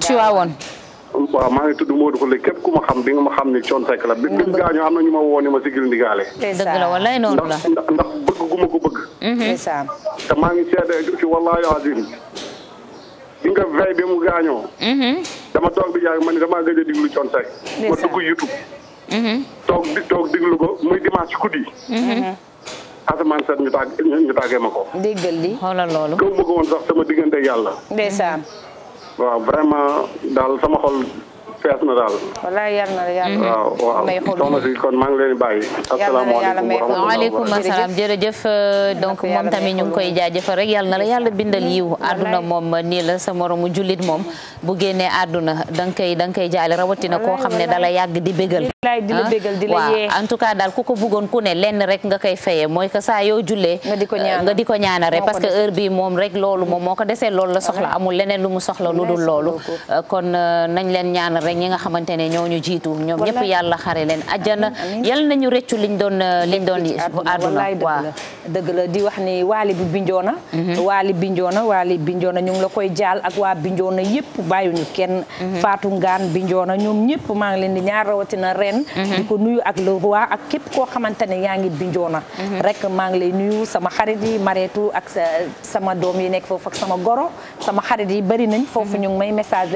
Tiwaawan. waaw maa ngi tudd Modou Khoule ku ma xam di nga ma xam ne Thione Seck la. dëgg la bi bi gaañoo na ma woo ne ma sigil ndigaale. dëgg la wallaay noonu ndax ndax bëgg ma ko bëgg. Mm-hmm. ndeysaan. maa ngi seede ci wallaahi azim. di nga vey bi mu gaañoo. Mm-hmm. dama toog bi jaay ma ne damaa gëj a ma dugg YouTube. toog di toog diglu ko muy ci ku mhm. asamaan set ñu tàgg ñu tàggee ma ko. déggal li xoolal loolu. kaw ma ko woon sax sama diggante yàlla. ndeysaan. waaw vraiment daal sama xol. fees na daal. wallaay yàlla na yàlla. waaw waaw euh, donc moom tamit ñu ngi koy jaajëfal rek yàlla na la yàlla bindal yiw àdduna moom nii la sa moromu jullit moom bu génnee àdduna da nga koy da koy jaale rawatina koo xam ne dala yàgg di bégal. Ah? waaw en tout cas daal ku ko bëggoon ku ne lenn rek nga koy fayee mooy que saa yoo jullee nga di ko euh, ñaana parce que heure bi moom rek loolu moom moo ko desee loolu la soxla amul leneen lu mu soxla lu dul loolu euh, kon nañ leen ñaana rek ñi nga xamante ne ñoo ñu jiitu ñoom ñëpp yàlla xare leen ajjana yal nañu rëccu liñ doon liñ doon àdduna waaw dëgg la di wax ni waali bi mhm. binjoona waali binjoona waali binjoona ñu ngi la koy jaal ak waa binjoona yëpp bàyyuñu kenn mhm. faatu ngaan binjoona ñoom ñëpp maa ngi leen di ñaar rawatina ren mhm. di ko nuyu ak le roi ak képp koo xamante ne yaa ngi binjoona rek maa ngi lay nuyu sama xarit yi mareetu ak sama doom yi nekk foofu ak sama goro sama xarit yi bari nañ foofu ñu may message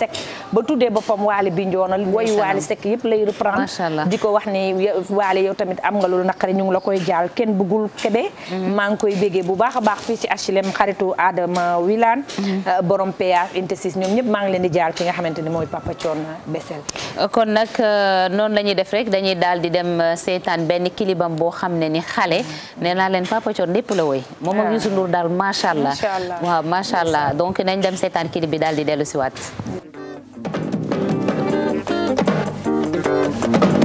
Seck ba tuddee boppam Waly bi njoonal woyu Waly Seck yëpp lay reprendre di ko wax ni Waly yow tamit am nga loolu naqari ñu ngi la koy jaal kenn bëggul kebe mhm. maa ngi koy bégee bu baax a baax fii ci HLM xaritu Adama Wilane mhm. euh, borom PA intesis ñoom ñëpp maa ngi leen di jaal ki nga xamante ni mooy Papa Thion Besel euh, kon nag euh, noonu la ñuy def rek dañuy daal di dem seetaan benn kilibam boo xam ne ni xale mhm. neen naa leen Papa Thion lépp la woy moom ak ah. Youssou Ndour daal macha allah waaw macha allah donc nañ dem seetaan kilib bi daal di dellu si Thank you.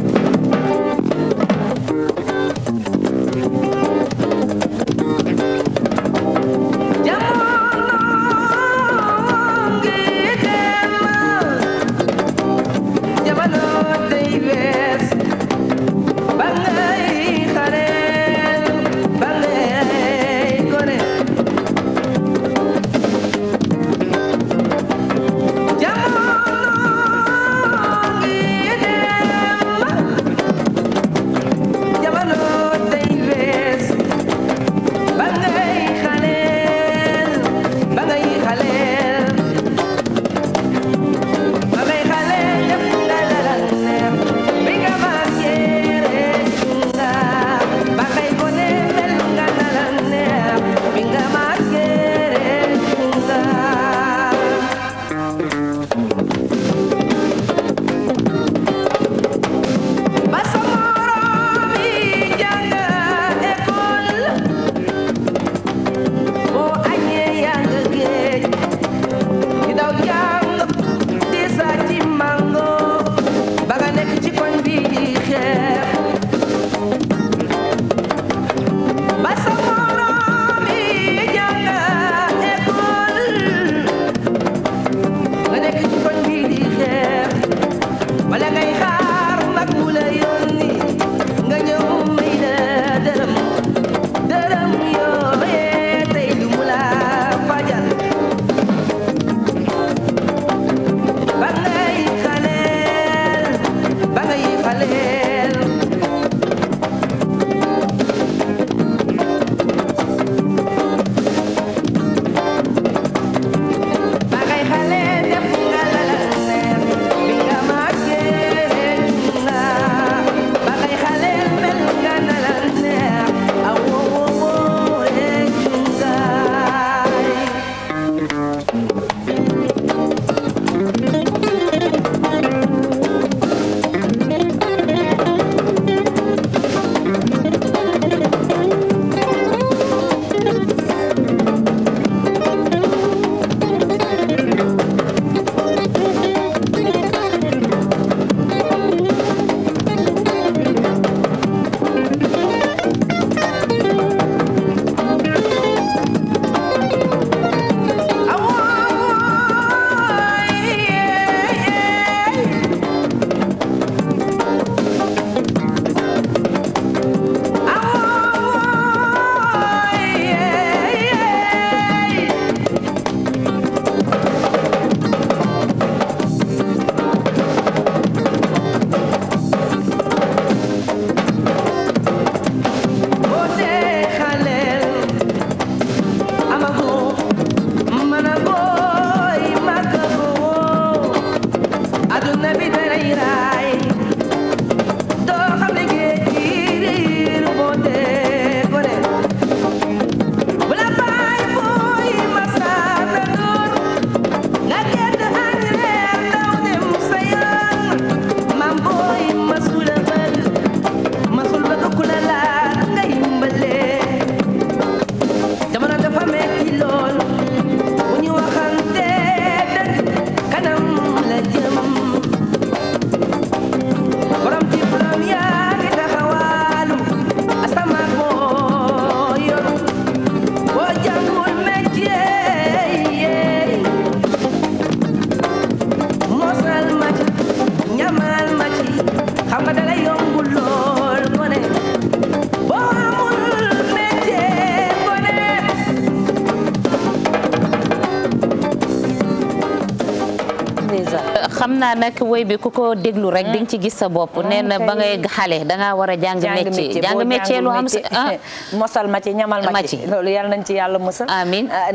naa nag woy bi ku ko rek mm. di nga ci gis sa bopp mm, nee na ba ngay xale dangaa war a jàng métier jàng métier lu am ah. mosal ma ñamal ma ci loolu yàlla nañ ci yàlla mosal amiin ah,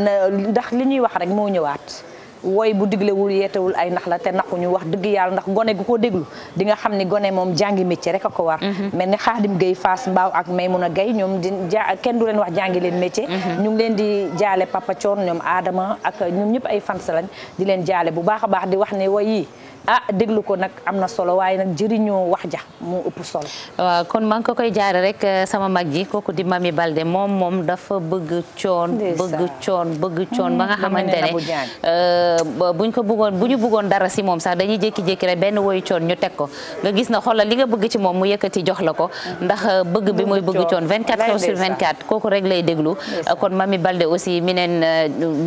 ndax li ñuy wax rek moo ñëwaat woy bu diglewul yeetewul ay ndax la te naxu ñu wax dëgg yàlla ndax gone gu ko déglu di nga xam ni gone moom jàngi métier rek a ko war mm-hmm. mel ni Xaadim Gay Faas Mbaaw ak Maymuna Gay ñoom di ja kenn du leen wax jàngi leen métier mm-hmm. ñu ngi leen di jaale Papa Thion ñoom Adama ak ñoom ñëpp ay fans lañ di leen jaale bu baax a baax di wax ne woy yi ah déglu ko nag am na solo waaye nag jëriñoo wax ja mu ëpp solo. waaw kon maa ngi ko koy jaare rek eh, sama mag ji kooku di Mami Balde moom moom dafa bëgg coon bëgg coon bëgg coon ba nga mm, xamante ne eh, buñ ko bëggoon bu ñu bëggoon dara si moom sax dañuy jékki-jékki rek benn woyu coon ñu teg ko nga gis na xoolal li nga bëgg ci moom mu yëkkati jox la ko ndax eh, bëgg bi muy bëgg coon 24 heures sur 24 kooku rek lay déglu kon Mami Balde aussi minen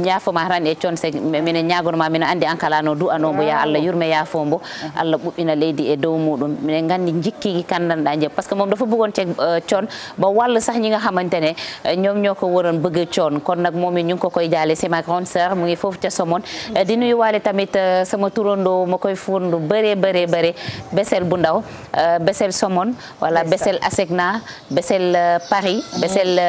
ñaafoma ran e coon se minen ñaagorma minen andi an kalaano du anoo bo yaa Allah yurme yaa fo mbo allah ɓuɓɓina leydi e dow muɗum minen gandi jikkigi kandanɗa jeeb par ce que moom dafa bëggoon ceeg euh, coon ba walla sax ñi nga xamante euh, ñoom ñoo ko waroon bëgg coon kon nag moom it ñu ko koy jaale c'est ma grande sœur mu ngi foofu ca Somone euh, di nuyu waale tamit sama turandoo ma koy furndu bëree bëree bëri Besel bu ndaw Besel Somone wala Besel Asegna Besel Paris mm-hmm. Besel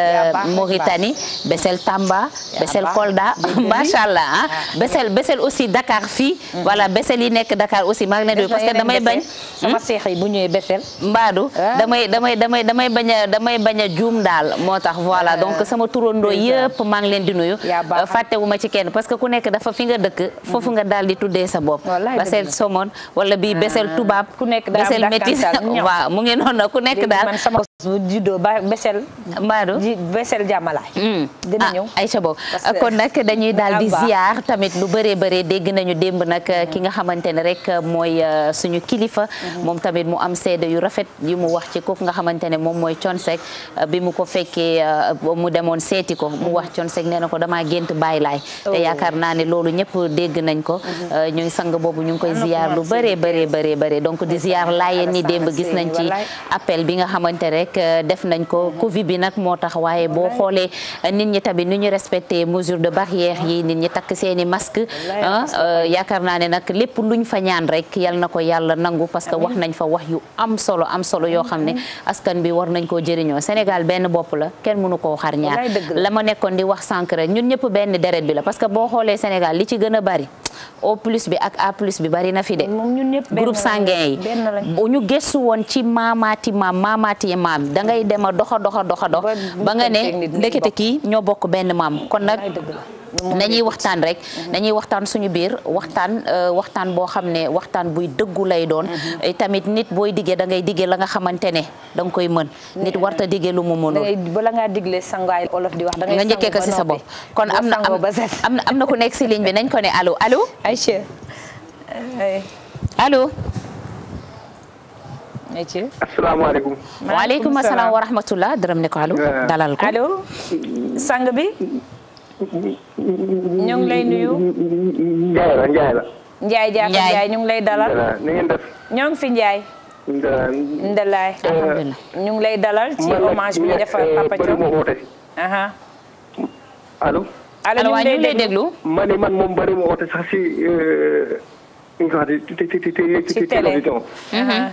Mauritanie Besel Tamba Besel Kolda macha allah ah Besel Besel aussi Dakar fii mm-hmm. voilà Besel nekk Dakar yaakaar aussi maa ngi leen di parce que damay bañ sama hmm? seex yi bu ñëwee besel mbaadu damay damay bañ a damay bañ a juum daal moo tax voilà ah. donc sama turandoo yëpp maa leen di nuyu euh, fàttewu ma ci kenn parce que ku nekk dafa fi nga dëkk mm-hmm. foofu nga daal di tuddee sa bopp besel somone wala bii besel ah. tubaab ku nekk besel métis waaw mu ngi noonu ku nekk daal judo ba besel maado besel jàmmalaay hmm. dina ah, ñëw Aïcha boobu kon nag dañuy daal di ziar tamit lu bëree bëree dégg nañu démb nag hmm. ki nga xamante ne rek mooy euh, suñu kilifa hmm. moom tamit mu am seede yu rafet yu mu wax ci ko nga xamante ne moom mooy consek euh, bi mu ko fekkee euh, mu demoon seeti ko mu wax consek nee na ko damaa gént bàyyi laay oh. te yaakaar naa ne loolu ñëpp dégg nañ ko ñuy sang boobu ñu ngi koy ziar lu bëree bëree bëree bëree donc di ziar laayeen ni démb gis nañ bi nga xamante rek euh, def nañ ko Covid bi nag moo tax waaye boo xoolee euh, nit ñi tamit ni ñu respecté mesure de barrière yi nit ñi takk seen i ah, euh, yaakaar naa ne nag lépp luñ fa ñaan rek yal na ko yàlla nangu parce que wax nañ fa wax yu am solo am solo yoo xam ne askan bi war nañ koo jëriñoo Sénégal benn bopp la kenn mënu koo xar ñaar la ma nekkoon di wax sànq rek ñun ñëpp benn deret bi la parce que boo xoolee Sénégal li ci gën a bari O plus bi ak A plus bi bari na fi maam da ngay dem a doxa doxa doxa dox ba nga ne ndekete kii ñoo bokk benn maam kon nag nañuy waxtaan rek mhm. nañuy waxtaan suñu biir waxtaan euh, waxtaan boo xam ne waxtaan buy dëggu lay doon mhm. tamit nit booy diggee da ngay diggee la nga xamante ne da koy mën nit warta diggee lu mu mënul bala ngaa digle sangaay olof di wax da nga njëkkee ko si sa bopp kon am na am na ku nekk si ligne bi nañ ko ne allo aloo allo métier asalaamaaleykum. waaleykum salaam wa rahmatullah dërëm ne ko allo. Euh. dalal ko allo. sang bi. ñu ngi lay nuyu. Ndiaye la Ndiaye la. Ndiaye Diakha Ndiaye ñu ngi lay dalal. ni ngeen def. ñoo ngi fi Ndiaye. Ndalaay. Euh, alhamdulilah ñu ngi lay dalal. ci hommage bi ñu defal euh, Papa Thiam. allo. allo waaye ñu ngi lay déglu. ma ne man moom bëri ma woote sax si. ci télé.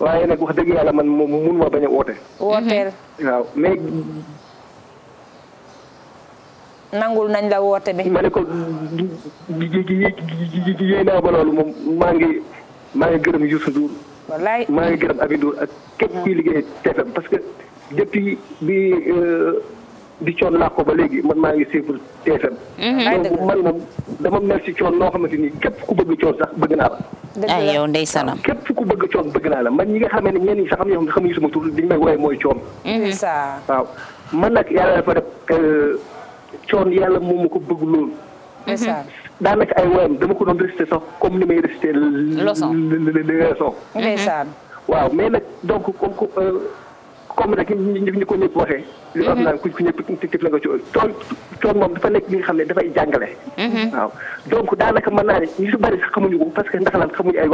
waaye nag wax dëgg yàlla man moom mënuma bañ a woote. wooteel mm-hmm. waaw mais. nangul nañ la woote bi. ma ne ko yéen naa ba loolu moom maa ngi maa ngi gërëm Youssou Ndour. wallaay maa ngi gërëm Aby Ndour ak képp kuy liggéey TFM parce que depuis bi. Euh, di coon naa ko ba léegi man maa ngi suivre TFM. Mhm. donc man moom dama mel coon noo xamante ni képp ku bëgg coon sax bëgg naa la. ay yow ndeysaanam. képp ku bëgg coon bëgg naa la man ñi nga xam ne ñenn ñi sax am na ñoo xam ne xamuñu sama tur li ñu may woowee mooy coon. Mhm. waaw man nag yàlla dafa def euh, coon yàlla moom ma ko bëgg loolu. Mhm. daanaka ay woyam dama ko doon récité sax comme ni may récité. leçon leçon. waaw mais nag donc comme euh, comme rek ñu ko ñëpp waxee. li a naan ku ñëpp tif la nga ci tool tool moom dafa nekk li xam ne dafay jàngale. Mhm. waaw donc daanaka mën naa ne ñu si bari xamuñu ko parce que ndax xamuñu ay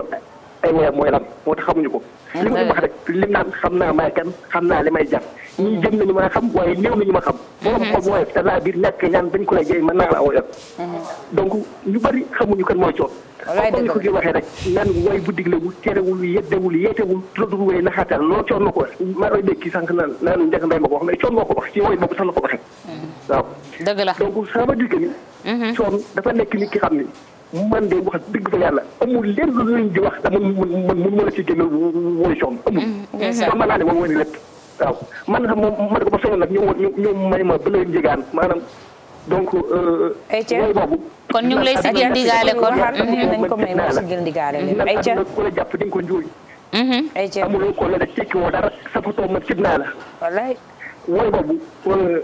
ay leer mooy lan moo tax xamuñu ko. li ma wax rek li naan xam naa may kan xam naa li may jar. ñii jëm nañu ma xam waaye ma xam. borom xob mooy te laa biir ñàkk ñaan dañ ko lay jëy mën naa la awoyal. donc ñu bari xamuñu kan mooy coon. wallaay dëgg ko gi waxee rek nan way bu diglewul terewul yeddewul yeetewul tuddul way naxaatal loolu coon na ko wax maa ngi ko wax mais coon moo ko wax ci way boobu sax la ko waxee. waaw dëgg la man de wax dëgg fa yàlla amul lenn lu ñu di wax man man ma la ci génn wóoy sonn amul. man mën naa ne wóoy lépp waaw man xam moom man ko ba sonn ñu may ma ba la njëgaan maanaam donc. Euh, ayca kon ñu ngi lay sigil ndigaale kon. Mm-hmm. nañ ko may ma sigil ndigaale lépp ayca ku la jàpp di nga ko njuuy. Mm-hmm. ayca ko la rek tekki woo dara sa ma kib naa la. wallaay wóoy boobu. Euh,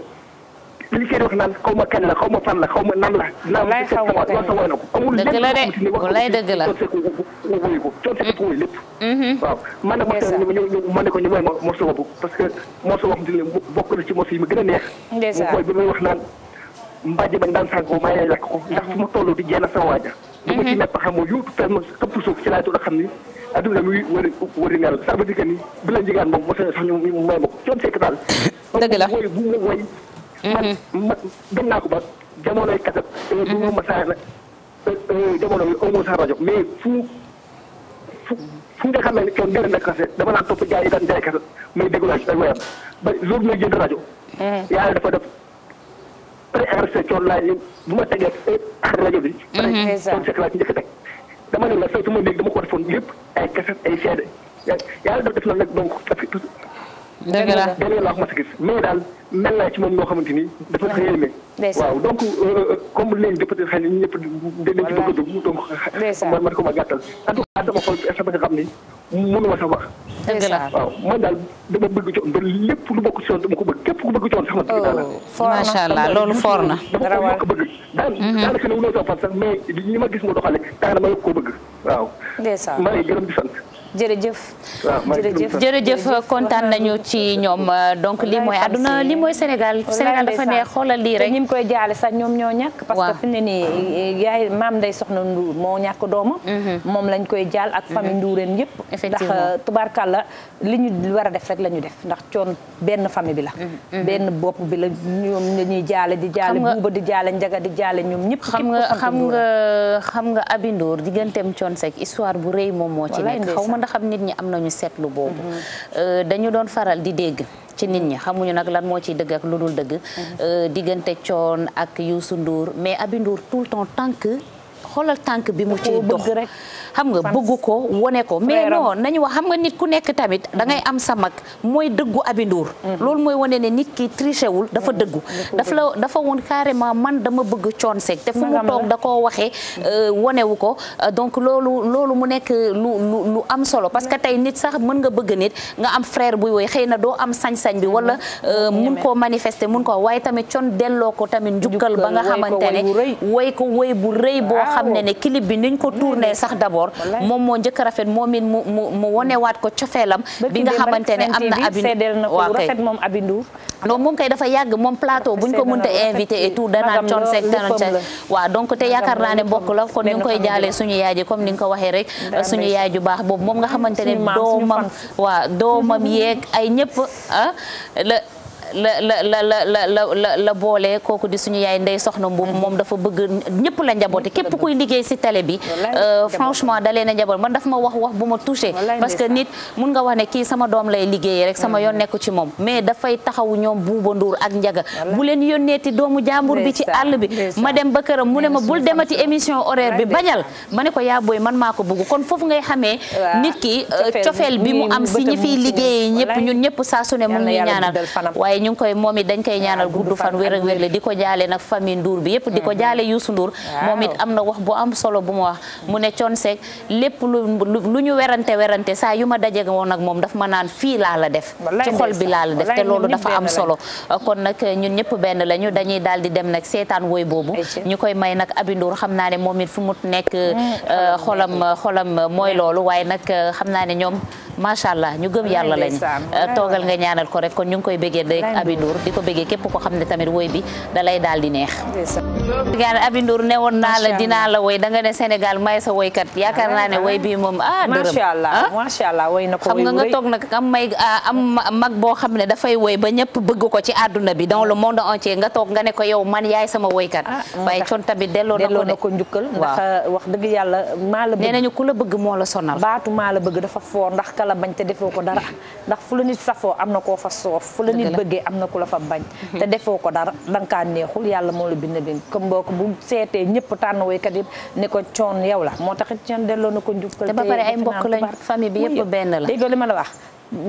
li kii wax naan xaw ma kañ la xaw ma fan la xaw ma nan la. ko coono ma ne ko ñu may ma morceau boobu parce que morceau boo xam ne yi ma a neex. ndeysaan naan mbàjj ba daan sànq maa ko. Mm-hmm. ndax fu ma toll di jéem a sama waaja. bu mm-hmm. ma ci nekk xam nga la njigaan moom mos a sax man mm-hmm. man dem naa ko ba jamonoy kaset. bu ma masaa nag jamono bi amoo rajo mais fu fu fu nga xam ne kenn dama naan topp jaay yi daan jaay kaset may déglu ak wayam ba loolu may jënd rajo. Mm-hmm. yàlla dafa def pré-RC coon laa bu ma tegee rajo bi. Mm-hmm. c'est laa ci njëkk a dama ne la saytu ma néeg dama ko defoon lépp ay kaset ay CD yàlla def def na nag donc dëgg la beneen laa ko mas a gis mais daal mel naa ci moom loo xamante ni dafa xëy a yéeme waaw donc euh, comme léegi de peut-être xëy na ñëpp dañ ci bëgg a dugg donc man man ko ma gàttal en tout cas dëgg la ba lépp lu bokk ci yoon dama ko képp ku bëgg coon sax ma dëgg daal oh, macha allah loolu foor na dama ko bëgg mhm. ma gis mu doxale daanaka ma yokk koo bëgg waaw maa ngi gërëm di sant jërëjëf ah, jërëjëf jërëjëf kontaan nañu ci ñoom euh, donc lii mooy adduna lii mooy Sénégal Sénégal dafa neex xoolal lii rek ñi koy jaale sax ñoom ñoo ñàkk parce que fi ne nii yaay maam Ndeye Soxna Ndour moo ñàkk doomam mhm. moom lañ koy jaal ak famille mhm. Ndoureen yëpp ndax euh, la li ñu war a def rek la ñu def ndax coon benn famille bi la mhm. benn bopp bi la ñoom lañuy jaale di jaale buuba di jaale njaga di jaale ñoom ñëpp xam nga xam nga xam nga Abi Ndour digganteem coon Seck histoire bu rëy moom na xam nit ñi am nañu seetlu boobu mhm. euh, dañu doon faral di dégg ci nit ñi xamuñu nag lan moo ciy dëgg ak lu dul dëgg mhm. euh, diggante coon ak Youssou nduur mais Aby Ndour tout le temps tànk que xoolal tànk bi mu ci dox xam nga bëggu ko wone ko mais non nañu wax xam nga nit ku nekk tamit mm-hmm. da ngay am sa mag mooy dëggu abinduur mm-hmm. loolu mooy wane ne nit ki triché wul mm-hmm. dafa dëggu dafa la dafa woon carrément man dama bëgg coon seeg te fu mu toog da koo waxee euh, wonewu ko euh, donc loolu loolu mu nekk lu lu lu am solo parce que tey nit sax mën nga bëgg nit nga am frère buy woy xëy na doo am sañ-sañ bi wala euh, mun koo manifester mun ko waaye tamit coon delloo ko tamit njukkal ba nga xamante ne woy ko woy bu xam ne ne clip bi niñ ko tourné sax d'abord d'abord moom moo njëkk a rafet moom it mu mu mu wonewaat ko cofeelam bi nga xamante ne am na abindu non moom kay dafa yàgg moom plateau buñ ko mënta invité et tout danaan con sec danaan donc te yaakaar naa ne mbokk la kon ñu ngi koy jaalee suñu yaay ji ni nga ko waxee rek suñu yaay ju baax boobu moom nga xamante ne doomam waaw doomam yeeg ay ñëpp ah la la la la la la la boole kooku di suñu yaay ndey soxna mbubb moom dafa bëgg ñëpp la njaboote képp kuy liggéey si télé bi euh, franchement dalee na njaboot man dafa ma wax wax bu ma touché parce que nit mun nga wax ne kii sama doom lay liggéeyee rek sama yoon hmm. nekku ci moom mais dafay taxawu ñoom buuba nduur ak njaga bu leen yónneeti doomu jàmbur bi ci àll bi ma dem ba këram mu ne ma bul demati émission horaire bi bañal ma ne ko yaa booy man maa ko bëgg kon foofu ngay xamee nit ki euh, bi mu am si ñi fiy liggéeyee ñëpp ñëpp saa su ne mu ngi ñaanal ñu ngi koy moom it dañ koy ñaanal ah, gudd fan wér ak wér di ko jaale nag famille Ndour bi yëpp di ko mm-hmm. jaale Youssou Ndour moom it am na wax bu am solo bu mu wax mu ne Thione Seck lépp lu ñu werante werante saa yu ma daje woon nag moom dafa ma naan fii laala def ci xol bi laa def te loolu dafa am solo kon nag ñun ñëpp benn lañu dañuy daal di dem nag seetaan woy boobu ñu koy may nag Aby Ndour xam naa ne moom it fu mu nekk mm, euh, xolam xolam mooy loolu waaye nag euh, xam naa ne ñoom macha allah ñu gëm yàlla lañu euh, toogal nga ñaanal ko rek kon ñu ngi koy béggee Aby Ndour di ko bëggee képp ko xam ne tamit woy bi da lay daal di neex gaan Aby Ndour ne woon naa la dinaa la woy da nga ne Sénégal may sa woykat yaakaar naa ne woy bi moom ah dërëm macha allah ah? woy na ko xam nga nga toog nag ah, boo xam ne dafay woy ba ñëpp bëgg ko ci àdduna bi dans le monde entier nga toog nga ne ko yow man yaay sama woykat ah, waaye coon tamit delloo na ko njukkal ndax wax dëgg yàlla maa la bëgg nee nañu ku la bëgg moo la sonal baatu maa la bëgg dafa foor ndax kala bañ te defoo ko dara ndax fu la nit safoo am na koo fa soof fu la nit bëggee tey am na ku la fa bañ te defoo ko dara danga kaa neexul yàlla moo la bind bi comme boo ko bu seetee ñëpp tànn kat yëpp ne ko coon yow la moo tax it coon delloo na ko njukkal te ba pare ay mbokk lañ bi yëpp benn la dégg li ma wax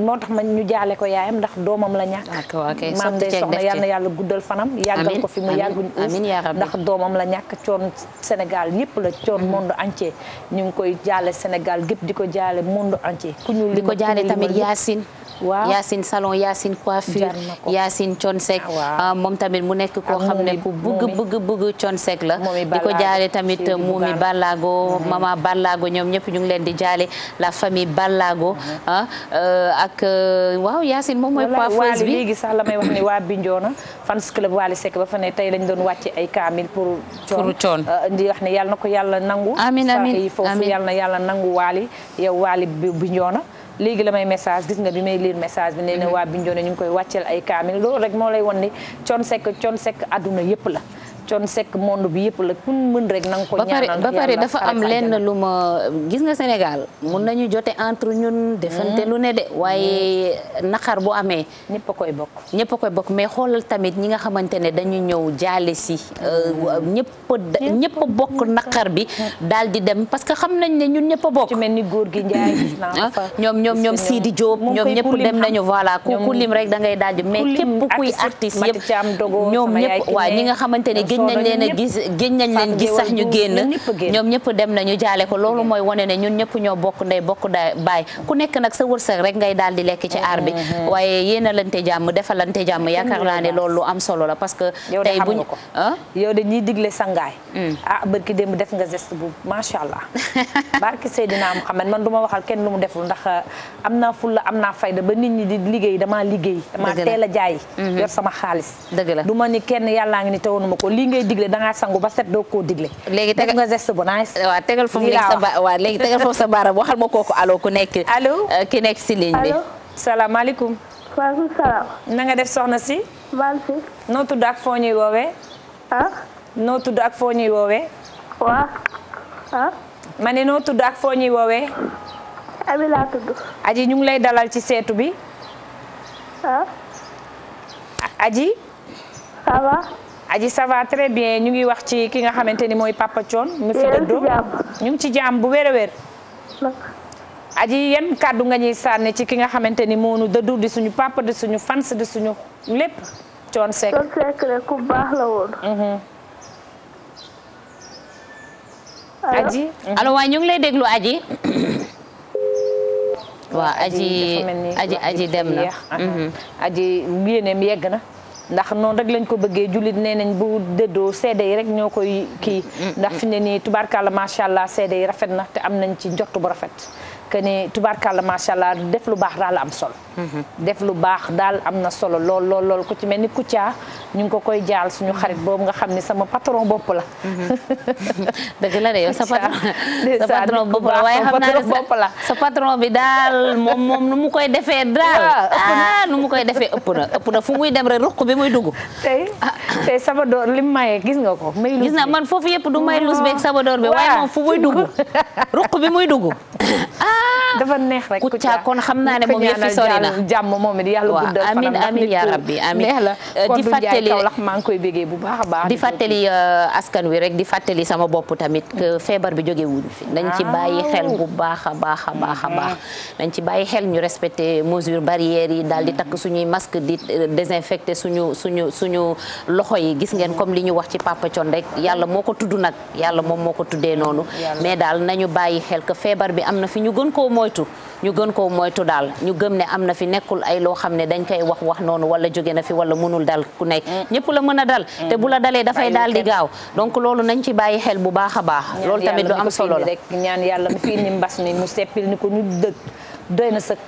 moo tax ma ñu jaale ko yaayam ndax doomam la ñàkk maam day soxna yal na yàlla guddal fanam yàggal ko fi mu yàgguñ uus ndax doomam la ñàkk coon Sénégal yëpp la coon mm-hmm. monde entier ñu ngi koy jaale Sénégal gépp di ko jaale monde entier ku ñu li ko jaale tamit Yacine waaw Yacine salon Yacine coiffure Yacine Thionsek ah, ah, moom tamit mu nekk ko ah, xam ne ku bëgg bëgg bëgg Thionsek la di ko jaale tamit Moumi Ballago mhm. Mama Ballago ñoom ñëpp ñu ngi leen di jaale la famille Ballago mhm. euh, ak euh, waaw yaasin moom mooy coiffeuse bi léegi sax la may wax ni waa Bignona fans club Wally Seck ba fa ne tey lañ doon wàcce ay kaamil pour pour Thione euh, di wax ne yàlla na ko yàlla nangu amiin amiin foofu yàlla na yàlla nangu Wally yow Wally Bignona léegi la may message gis nga bi may lire message bi nee na mhm. waa Bignona ñu ngi koy wàcceel ay kaamil loolu rek moo lay won ni Thione Seck Thione Seck àdduna yëpp la Thione Seck monde bi yëpp la kun mën rek na nga ko ñaanal ba pare dafa am lenn lu ma gis nga Sénégal mun nañu jote entre ñun defante lu ne de waaye mm. naqar bu amee ñëpp koy bokk ñëpp koy bokk mais xoolal tamit ñi nga xamante ne dañu ñëw jaale si euh, mm. ñëpp ñëpp a bokk naqar bi mm. dal di dem parce que xam nañ ne ñun ñëpp a bokk mel ni góor gi Njaay ah, ñoom ñoom ñoom Sidi Diop ñoom ñëpp dem nañu voilà ku lim rek da ngay mais képp kuy artiste yëpp ñoom ñëpp waa ñi nga xamante ne gëj nañ leen a gis sax ñu génn ñoom ñëpp dem nañu jaale ko loolu mooy wane ne ñun ñëpp ñoo bokk ndey bokk da baay ku nekk nag sa wërsëg rek ngay daal di lekk ci aar bi mm-hmm. waaye yéenalante jàmm defalante jàmm yaakaar naa ne loolu lu am solo la parce que tey buñ ah? yow de ñiy digle sangaay mm. ah bërki démb def nga geste bu macha allah barki Seydina Muhammad man du ma waxal kenn lu mu deful ndax uh, am naa fulla am naa fayda ba nit ñi di liggéey damaa liggéey damaa teel a jaay mm-hmm. yor sama xaalis dëgg la du ni kenn yàllaa ngi ni tewoonu ma ko lii ngay digle dangaa sangu ba set doo koo digle. léegi tegal nga geste bu nice. waaw tegal foofu léegi sa ba léegi tegal foofu sa baaraam waxal ma kooku allo ku nekk. aloo euh, ki nekk si ligne bi. allo salaamaaleykum. waaleykum def soxna si. baal si. noo tudd ak foo ñuy woowee. Ah? noo tudd ak foo ñuy woowee. waaw. ah. ma ne noo tudd ak foo ñuy woowee. Abi laa tudd. aji ñu ngi lay dalal ci seetu bi. Ah? aji. ça aji ça très bien ñu ngi wax ci ki nga xamante ni mooy Papa Thione mu fi dëddu ñu ngi ci jàmm bu wér a wér aji yan kàddu nga ñuy sànni ci ki nga xamante ni moonu dëddu di suñu papa di suñu fans di suñu lépp Thione Seck ku baax la woon mhm. aji mhm. allo waay ñu ngi lay déglu aji waaw aji aji aji dem na mhm. aji yéeneem yegg na ndax noonu rek lañ ko bëggee jullit nee nañ bu dëddoo seede yi rek ñoo koy kii mm-hmm. ndax fi ne nii tubaarkàlla macha allah seede yi rafet na te am nañ ci njort bu rafet que ni tubaarkàlla macha allah def lu baax daal am solo. def lu baax daal am na solo lool lool lool ku ci mel ni Koutia ñu ngi ko koy jaal suñu xarit boobu nga xam ni sama patron bopp la. dëgg la de yow sa patron sa patron la waaye xam bi daal moom moom nu mu koy defee daal. ah nu mu koy defee ëpp na ëpp na fu muy dem rek ruq bi muy dugg. tey tey Sabador lim maye gis nga ko. may gis na man foofu yëpp du may lus beeg ah. Sabador bi waaye moom fu muy dugg ruq bi muy dugg dafa neex rek Kouthia kon xam naa ne moom yëf yi sori na jàmm moom it la euh, di fàttali maa ngi koy bégee bu baax baax di fàttali euh, askan wi rek di fàttali sama bopp tamit que feebar bi jóge fi dañ ci bàyyi ah. xel bu baax a baax a baax a dañ mm-hmm. ci bàyyi xel ñu respecté mesures barrières yi daal di takk suñuy masque di euh, désinfecté suñu suñu suñu loxo yi gis ngeen mm-hmm. comme li ñu wax ci Papa Thion rek yàlla moo ko tudd nag yàlla moom moo ko tuddee noonu mais daal nañu bàyyi xel que feebar bi am na fi ñu gën koo moytu ñu gën koo moytu daal ñu gëm ne am na fi nekkul ay loo xam ne dañ koy wax wax noonu wala jóge na fi wala mënul dal ku nekk mm. ñëpp la mën a dal mm. te bu la dalee dafay daal di gaaw donc loolu nañ ci bàyyi xel bu baax a baax loolu tamit lu am solo la ñaan yàlla mi fi ni mbas mi mu seppil nu ko ñu dëgg doy na sëkk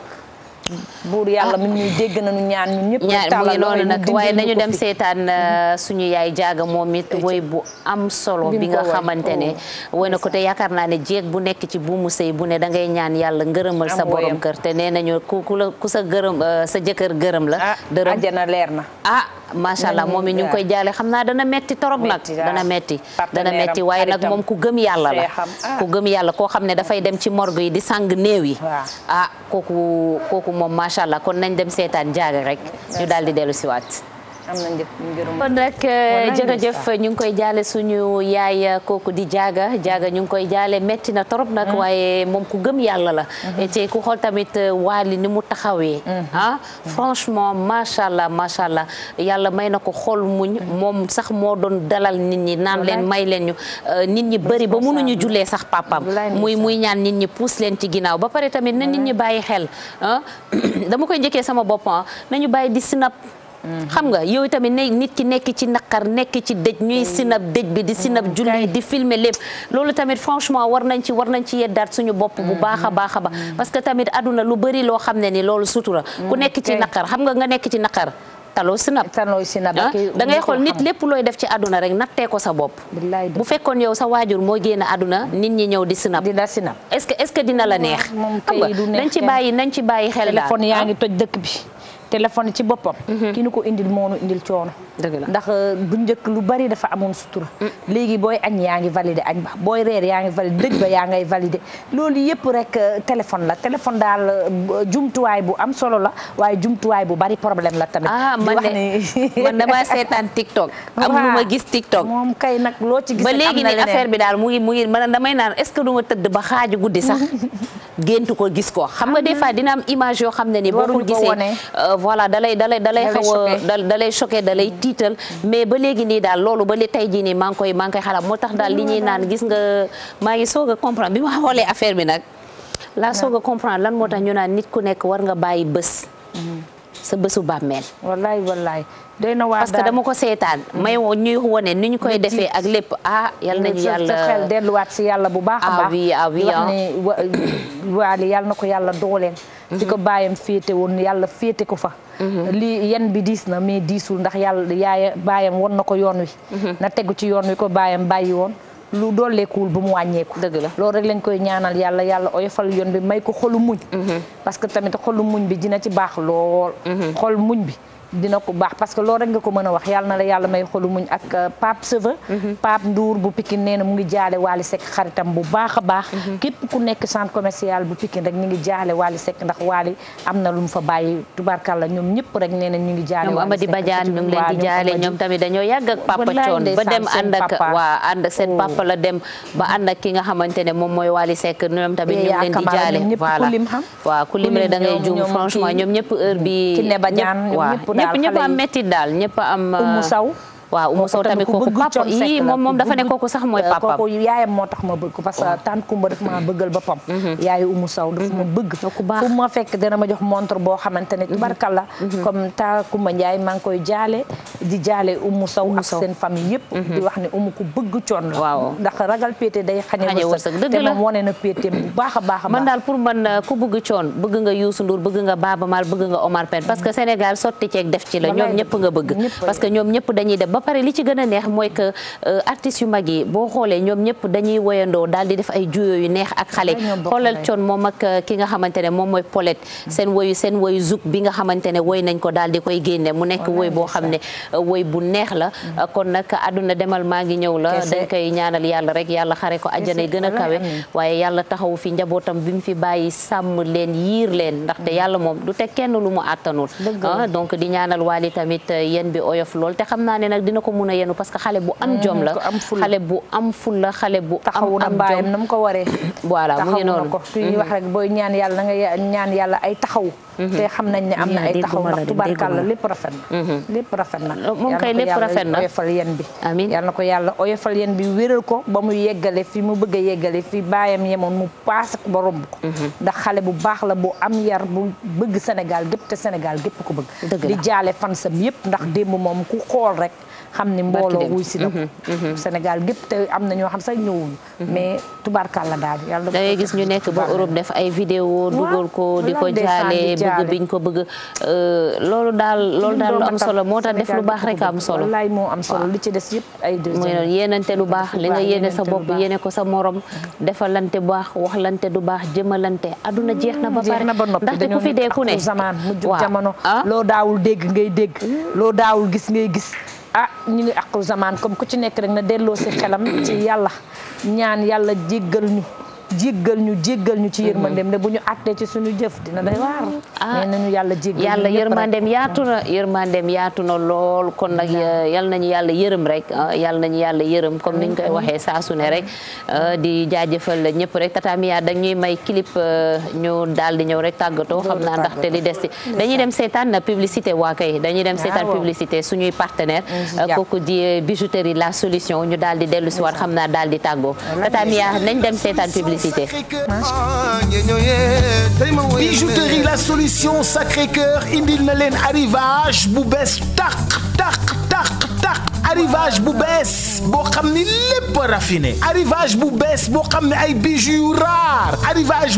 buur yàlla mi ñuy dégg nañu ñaan ñun ñëpp ñaan mu ngi waaye nañu dem seetaan uh, suñu yaay jaaga moom it woy bu am solo bi nga xamante ne oh. woy na ko te yaakaar naa ne jéeg bu nekk ci buumu sëy bu ne da ngay ñaan yàlla ngërëmal sa borom kër te nee nañu ku ku la ku sa gërëm uh, sa jëkkër gërëm la ah, dërëm ajjana leer na ah macha allah moom it ñu ngi koy jaale xam naa dana metti torop nag dana metti dana metti waaye nag moom ku gëm yàlla la ah. ku gëm yàlla koo xam ne dafay dem ci morgo yi di sang néew yi ah kooku kooku moom macha allah kon nañ dem seetaan jaaga rek ñu daal di dellu siwaat am na njëkk njëriñ kon eh, jërëjëf ñu ngi koy jaale suñu yaay eh, kooku di jaaga jaaga ñu ngi koy jaale metti na torop nag mm-hmm. waaye moom ku gëm yàlla la mm-hmm. te ku xool tamit eh, waali ni mu taxawee mm-hmm. ah franchement macha allah macha allah yàlla may na ko xool muñ moom sax moo doon dalal nit ñi naan leen may leen ñu nit ñi bëri ba mënuñu julee sax papam muy muy ñaan nit ñi puus leen ci ginnaaw ba pare tamit na nit ñi bàyyi xel ah. dama koy njëkkee sama bopp ah. nañu bàyyi di sinap xam nga yooyu tamit ne nit ki nekk ci naqar nekk ci dëj ñuy mm. sinab dëj bi di mm, sinab julli di filmer lépp loolu tamit franchement war nañ ci war nañ ci yeddaat suñu bopp bu mm, baax a baax a ba parce que tamit aduna lu bëri loo xam ne ni loolu sutura ku nekk ci naqar xam nga nga nekk ci naqar taloo sinab taloo sinab ah, da ngay xool nit lépp looy def ci àdduna rek nattee ko sa bopp bu fekkoon yow sa waajur moo génn àdduna nit ñi ñëw di sinab est-ce que est-ce que dina la neex xam nga nañ ci bàyyi nañ ci bàyyi xel daal téléphone ngi ah. toj dëkk bi téléphone ci boppam mhm. ki ñu ko indil moonu indil coono ndax euh, bu njëkk lu bari dafa amoon sutura mm. léegi booy añ yaa ngi validé añ ba booy reer yaa ngi validé dëj ba yaa ngay validé loolu yëpp rek euh, téléphone la téléphone daal euh, jumtuwaay bu am solo la waaye jumtuwaay bu bari problème la tamit ah man de man damaa seetaan TikTok am lu ma gis TikTok moom kay nag loo ci gis ba léegi ni affaire bi daal mu ngi mu ngi man damay naan est-ce que du ma tëdd ba xaaj guddi sax géntu ko gis ko xam nga des fois dina am image yoo voilà da lay da lay da a da lay choqué da tiital mm-hmm. mais ba léegi nii daal loolu ba li tey jii nii maa ngi koy maa ngi koy xalaat moo tax daal li ñuy mm-hmm. naan gis nga maa ngi soog a comprendre bi ma xoolee affaire bi nag laa soog a mm-hmm. comprendre lan moo tax ñu naan nit ku nekk war nga bàyyi bës sa bésu bàmmeel. wallaay wallaay doy na waa parce que dama ko seetaan. may ñuy wone ni ñu koy defee ak lépp ah. yal nañu yàlla xel delluwaat si yàlla bu baax a ah baax. ah oui ah waali yal na ko yàlla dooleel. Mhm. fi ko bàyyam féete woon yàlla féete ko fa. Mhm. lii yen bi diis na mais diisul ndax yàlla yaaya bàyyam won na ko yoon wi. Mhm. na tegu ci yoon wi ko bàyyam bàyyi woon. lu dooleekuwul bu mu wàññeeku. dëgg la loolu rek lañ koy ñaanal yàlla yàlla oyofal yoon bi may ko xolu muñ. Mhm. parce que tamit xolu muñ bi dina ci baax lool. Mhm. xol muñ bi. dina ko baax parce que loolu rek nga ko mën a wax yàlla na la yàlla may xolu ak euh, Pape Seve mhm. Pape Ndour bu Pikine nee na mu ngi jaale Wally Seck xaritam bu baax a baax mhm. képp ku nekk centre commercial bu Pikine rek ñu ngi jaale Wally Seck ndax Wally am na lu fa bàyyi tubaarkàlla ñoom ñëpp rek nee na ñu ngi waa ànd seen oh. papa la dem ñoom tamit ñu ngi leen di ñoom ñëpp ñëpp ñëpp am métti daal ñëpp am. Oumou euh, saw waaw Oumou Sow tamit kooku papa yi moom moom dafa ne kooku sax mooy euh, papa kooku yaayam moo tax ma bëgg ko parce que tante Kumba dafa ma bëggal boppam mhm. Mhm. yaayu Oumou Sow dafa ma mhm. bëgg fu ma fekk dana ma jox montre boo xamante ne tubarkalla comme ta Kumba Ndiaye maa ngi koy jaale di jaale Oumou Sow ak seen famille yëpp di wax ne Oumou ku bëgg coon la ndax ragal péete day xañe wërsëg dëgg la te moom wane na péete bu baax a baax man daal pour man euh, ku bëgg coon bëgg nga Youssou Ndour bëgg nga Baba Maal bëgg nga Omar Pène parce que Sénégal sotti ceeg def ci la ñoom ñëpp nga bëgg parce que ñoom ñëpp dañuy def pare li ci gën a neex mooy que euh, artistes yu mag yi boo xoolee ñoom ñëpp dañuy woyandoo daal di def ay juyoo yu neex ak xale xoolal coon moom ak euh, ki nga xamante ne moom mooy Paulette seen woyu seen woyu zouk bi nga xamante ne woy nañ ko daal di koy génne mu nekk woy boo xam ne euh, woy bu neex la mm-hmm. kon nag àdduna demal maa ngi ñëw la dañ koy ñaanal yàlla rek yàlla xare ko àjjana yi gën a kawe waaye yàlla taxawu fi njabootam bi mu fi bàyyi sàmm leen yiir leen mm-hmm. ndaxte yàlla moom du teg kenn lu mu àttanul ah, donc di ñaanal waali tamit yéen bi oyof te dina ko mun a yenu parce que xale bu am jom la mm, xale bu am fulla xale bu am am jom na mu ko waree voilà mu ngi noonu ko suñuy wax rek booy ñaan yàlla nga ñaan yàlla ay taxaw mm-hmm. te xam nañ ne am na ay taxaw ndax tubaarkàlla lépp rafet na mm-hmm. lépp rafet na moom kay lépp rafet na oyofal yen bi amiin yàlla na ko bi wéral ko ba mu yeggale fi mu bëgg a yeggale fi baayam yemoon mu paase ko ba romb ko mm-hmm. ndax xale bu baax la bu am yar bu bëgg Sénégal gépp te Sénégal gépp ko bëgg di jaale fansam yëpp ndax démb moom ku xool rek xam ni mbooloo wuy si na ko mhm, mhm. Sénégal gépp te am na ñoo xam sax ñëwuñu mhm. mais tubaarkàlla daal yàlla da ngay gis ñu nekk ba Europe def ay vidéo dugal ko di ko jaale bëgg biñ ko bëgg euh, loolu daal loolu daal lu am solo moo tax def lu baax rek am solo wallaay moo am solo li ci des yëpp ay muy noonu yéenante lu baax li nga yéene sa bopp yéene ko sa morom mm-hmm. defalante baax waxlante du baax jëmalante aduna mm-hmm. jeex na ba pare ndaxte ku fi dee ku ne waaw jamono ah? loo daawul dégg ngay dégg mm-hmm. loo daawul gis ngay gis ah ñu ngi àqu zamaan comme ku ci nekk rek na delloo si xelam ci yàlla ñaan yàlla jéggal ñu jéggal ñu jéggal ñu ci mhm. yërmandeem ne bu ñu àttee ci suñu jëf dina day ah, nañu yàlla jéggal yàlla yërmandeem ah. yaatu na yërmandeem yaatu na lool kon nag eh, yal nañu yàlla yërëm rek ah, yal nañu yàlla yërëm comme niñ koy waxee saa su ne rek eh, di jaajëfal ñëpp rek tatamiya dañ ñuy may clip eh, ñu daal di ñëw rek tàggatoo xam naa ndaxte li des ci dañuy dem seetaan publicité waa kay dañuy dem seetaan publicité suñuy partenaire kooku di bijouterie la solution ñu dal di dellu si waat xam naa daal di tàggoo sollicité. bijouterie la solution Sacré-Cœur indil na leen arrivage bu bees tàq tàq tàq tàq. arrivage bu bees boo xam ni lépp raffiné arrivage bu bees boo xam ne ay bijoux yu raar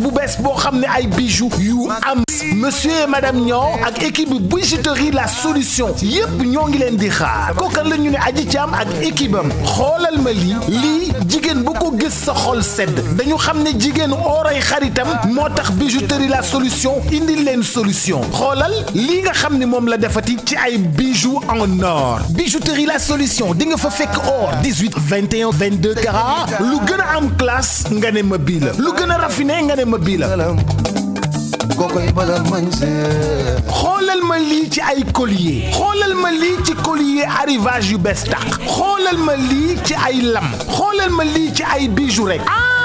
bu bees boo xam ne ay bijoux yu am monsieur et madame ñoo ak équipe bu bijouterie la solution yépp ñoo ngi leen di xaar kookan la ñu ne aji caam ak équipe xoolal ma lii lii jigéen bu ko gis sa sedd dañu xam ne jigéen ooray xaritam moo tax bijouterie la solution indi leen solution xoolal lii nga xam ne moom la defati ci ay bijoux en or bijouterie la solution émission di nga fa fekk or 18 21 22 carats lu gën am classe nga ne ma bii la lu gën a raffiné nga ne ma bii la. xoolal ma lii ci ay collier ma ci collier arrivage yu bees tàq xoolal ma lii ci ay lam xoolal ma lii ci ay bijoux rek. Ah!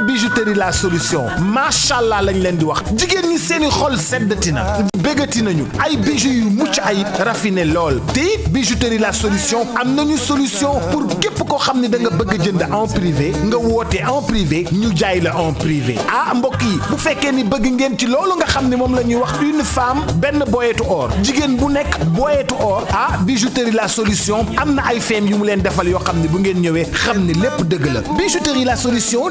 Pape bijouterie la solution macha allah lañ leen di wax jigéen ñi seen i xol seddati na béggati nañu ay bijoux yu mucc ay raffiné lool te it bijouterie la solution am na ñu solution pour képp koo xam ne da nga bëgg jënd en privé nga woote en privé ñu jaay la en privé ah mbokk yi bu fekkee ni bëgg ngeen ci loolu nga xam ne moom la ñuy wax une femme benn boyetu or jigéen bu nekk boyetu or ah bijouterie la solution am na ay feem yu mu leen defal yoo xam ne bu ngeen ñëwee xam ne lépp dëgg la bijouterie la solution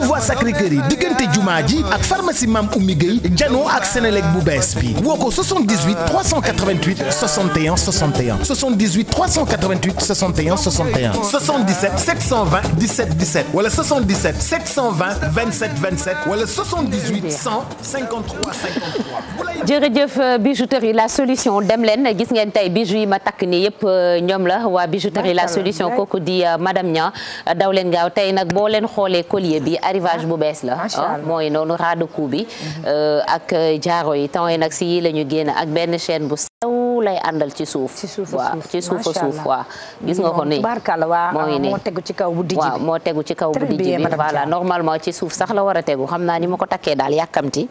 deux voies Sacré-Cœur yi diggante jumaa ji ak pharmacie Mam Oumy Gueye janoo ak Sénélec bu bees bi woo ko 78 388 61 61 78 388 61 61 77 720 17 17 wala 77 720 27 27 wala 78 100 53 53. jërëjëf euh, bijouterie la solution dem leen gis ngeen tey bijoux yi ma takk nii yëpp euh, ñoom la waa bijouterie la solution kooku di euh, madame Niang daw leen gaaw tey nag boo leen xoolee collier bi. arrivage bu bees la ah, mooy noonu raadu coup bi euh, ak euh, jaaro yi temps yi nag si yi la ñu génn ak benn chaîne bu lay àndal ci suuf. ci suuf waaw a suuf waaw. gis nga ko nii moo ngi tegu ci kaw bu dijji bi moo tegu ci kaw bu dijji bi normalement ci suuf sax la war a tegu xam naa ni ma ko takkee daal yàkkamti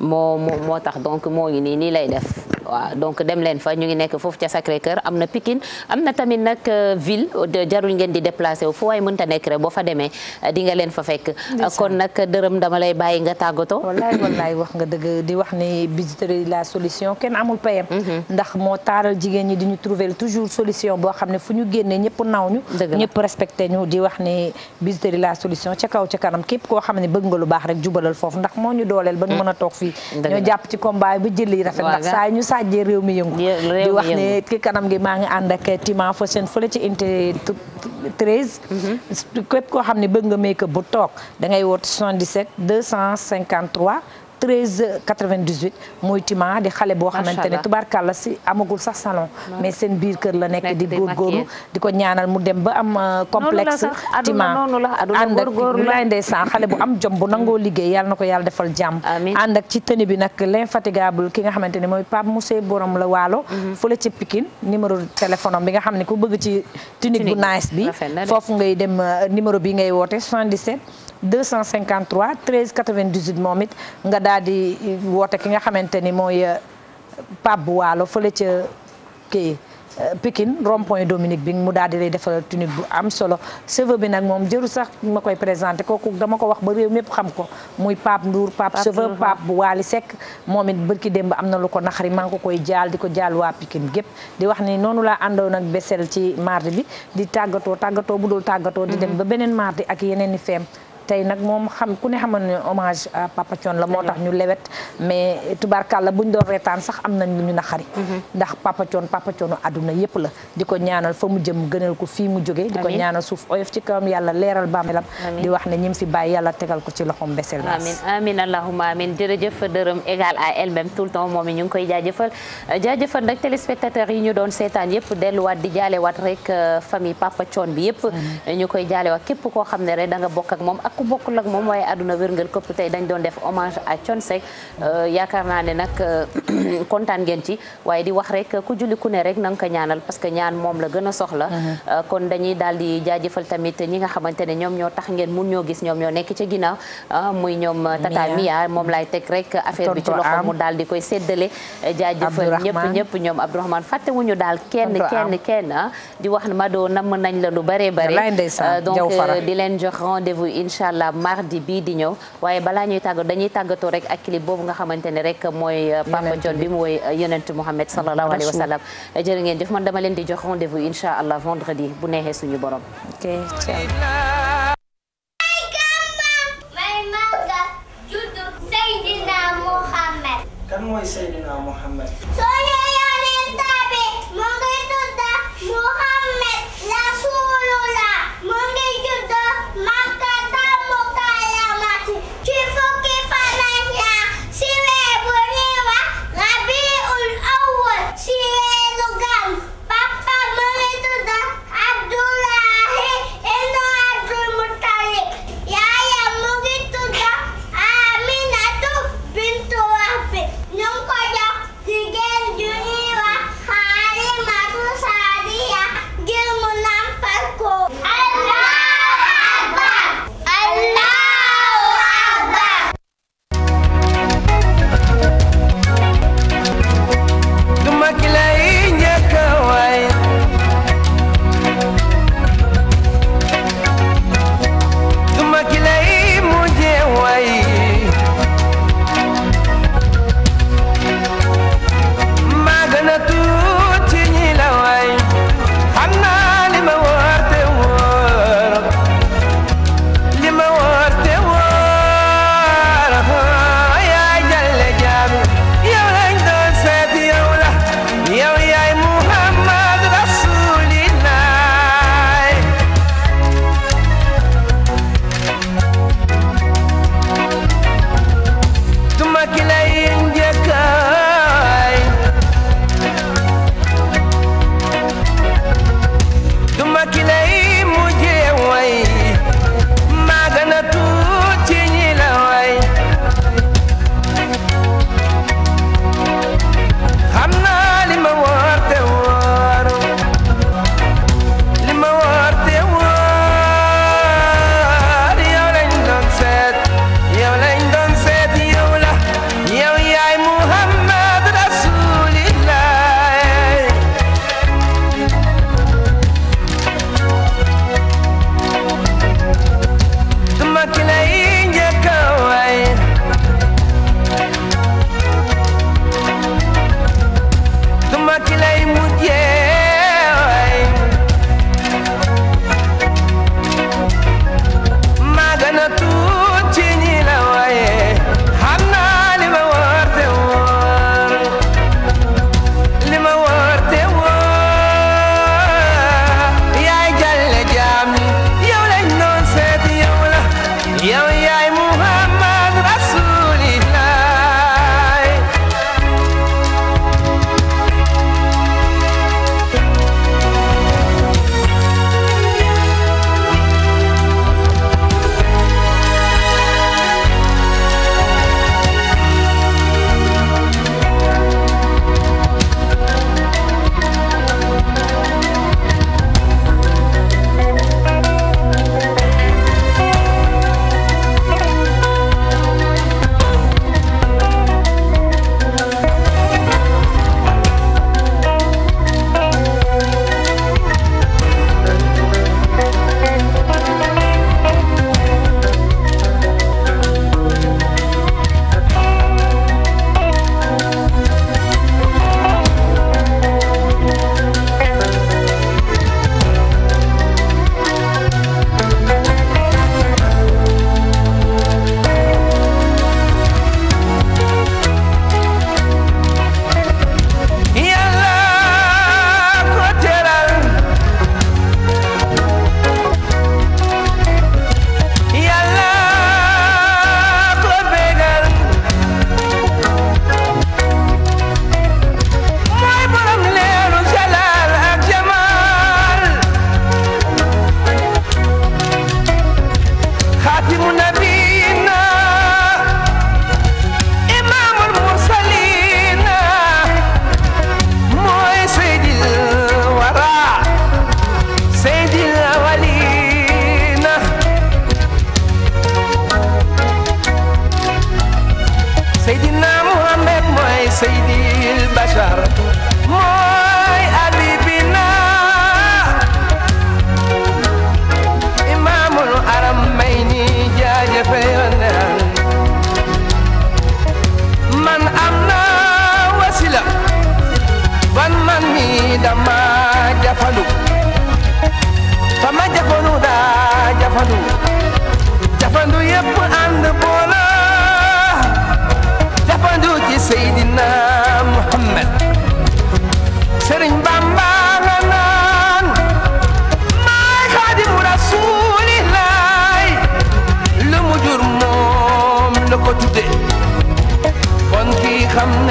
moo moo tax donc moo ngi nii nii lay def. waaw donc dem leen fa ñu ngi nekk foofu ca Sacré Cœur am na Pikine am na tamit nag euh, ville jarul ngeen di déplacé wu foo waay mënta nekk rek boo fa demee di nga leen fa fekk. kon nag dërëm dama lay bàyyi nga tàggatoo. wallaay wallaay la solution moo taaral jigéen ñi di ñu trouver toujours solution boo xam ne fu ñu génnee ñëpp naw ñu ñëpp respecté ñu di wax ne Bijouterie la solution ca kaw ca kanam képp koo xam ne bëgg nga lu baax rek jubalal foofu ndax moo ñu dooleel ba ñu mm. mën a toog fii ñoo jàpp ci combat ba jëli rafet ndax saa ñu sàjjee réew mi yëngu di wax ne ki kanam gi maa ngi ànd ak Tima Fossène fële ci unité 13 mm-hmm. képp koo xam ne bëgg nga make bu toog da ngay woote 77 253 treize quatre mooy Tima di xale boo xamante ne tubaarkàlla si amagul sax salon mais seen biir kër la nekk di góorgóorlu di ko ñaanal mu dem ba am euh, complexe Tima ànd ak laay san xale bu am jom bu nangoo liggéey yàlla na ko yàlla defal jàmm ànd ak ci tëni bi nag l'infatigable ki nga xamante ne mooy Pape Mousse borom la waalo mhm. la ci Pikine numéro téléphone bi nga xam ne ku bëgg ci tunique bu nice bi foofu ngay dem euh, numéro bi ngay woote 77 253 13 98 moom it nga daal di woote ki nga xamante ni mooy bu euh, Waalo fële ca kii euh, Pikine rond point Dominique bi mu daal di lay defal tunique bu am solo cheveux bi nag moom jëru sax ma koy présenté kooku dama ko wax ba réew mépp xam ko muy Pape Ndour Pape cheveux Pape bu Waali sekk moom it bërki démb am na lu ko naxari maa ngi ko koy jaal di ko jaal waa Pikine gépp di wax ni noonu laa àndoon ak Bessél ci mardi bi di tàggatoo tàggatoo bu dul tàggatoo di dem mm-hmm. ba beneen mardi ak yeneen i feem tey nag moom xam ku ne xamoon ne hommage à Papa Thione la moo tax ñu lewet mais tubaarkàlla buñ doon reetaan sax am nañ lu ñu naqari mhm. ndax Papa Thione Papa Thione àdduna yépp la di ko ñaanal fa mu jëm gënal ko fii mu jóge di ko ñaanal suuf oyof ci kawam yàlla leeral bàmmeelam di wax ne ñim fi bàyyi yàlla tegal ko ci loxoom beseel amin amin allahuma amin jërëjëf dërëm égal à elle-même tout le temps moom i ñu ngi koy jaajëfal jaajëfal nag téléspectateurs yi ñu doon seetaan yépp delluwaat di jaalewaat rek euh, famille Papa Thione bi yépp ñu koy jaalewaat képp koo xam ne rek da nga bokk ak moom ak ku bokkul ak moom waaye àdduna wërngal këpp tey dañ doon def hommage à Thione Seck euh, yaakaar naa ne nag euh, kontaan ngeen ci waaye di wax rek ku julli ku ne rek na nga ko ñaanal parce que ñaan moom la gën a soxla mhm. euh, kon dañuy daal di jaajëfal tamit ñi nga xamante ne ñoom ñoo tax ngeen mun ñoo gis ñoom ñoo nekk ci ginnaaw ah, muy ñoom tata Mia moom laay teg rek affaire bi ci loxo mu daal di koy séddale jaajëfal ñëpp ñëpp ñoom Abdourahmane fàttewuñu daal kenn kenn kenn ah. di wax Mado namm nañ la lu bare bare donc di leen jox rendez incha allah mardi bii di ñëw waaye balaa ñuy tàggatoo dañuy tàggatoo rek ak clip boobu nga xamante ne rek mooy euh, Papa John bi mu woy euh, yonent Muhammad sallallahu alayhi wa sallam jërë ngeen jëf man leen di jox rendez-vous incha allah vendredi bu neexee suñu borom Kan mooy Seydina Muhammad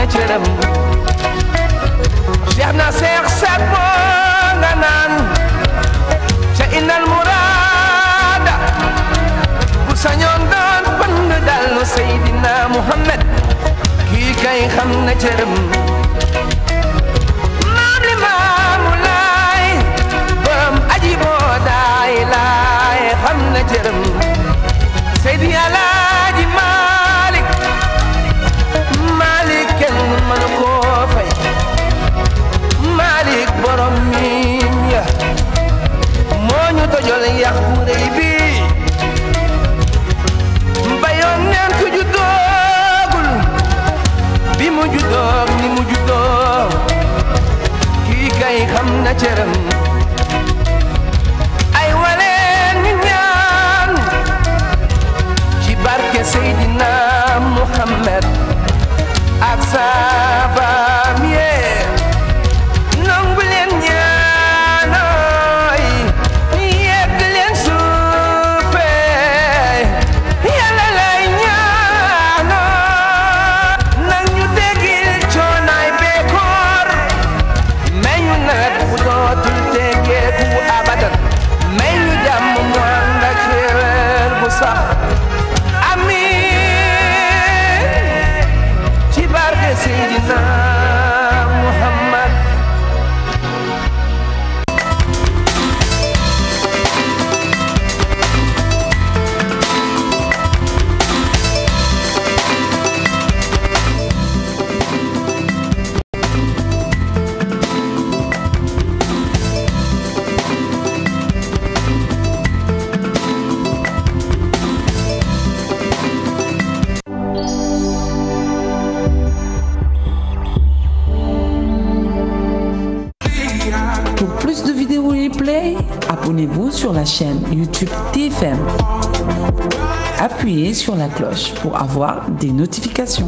na cëram Cheikh na Seex Seck moo nga naan ca innal muraada bu sañoon doon pënd dallu Seydina Muhammad kii kay xam na cëram maam li maamu laay bam aji boo daay laay xam na cëram Seydi Yàlla na cëram ay waleen ni ñaan ci barke Seydina Muhammad ak saaba sur la cloche pour avoir des notifications.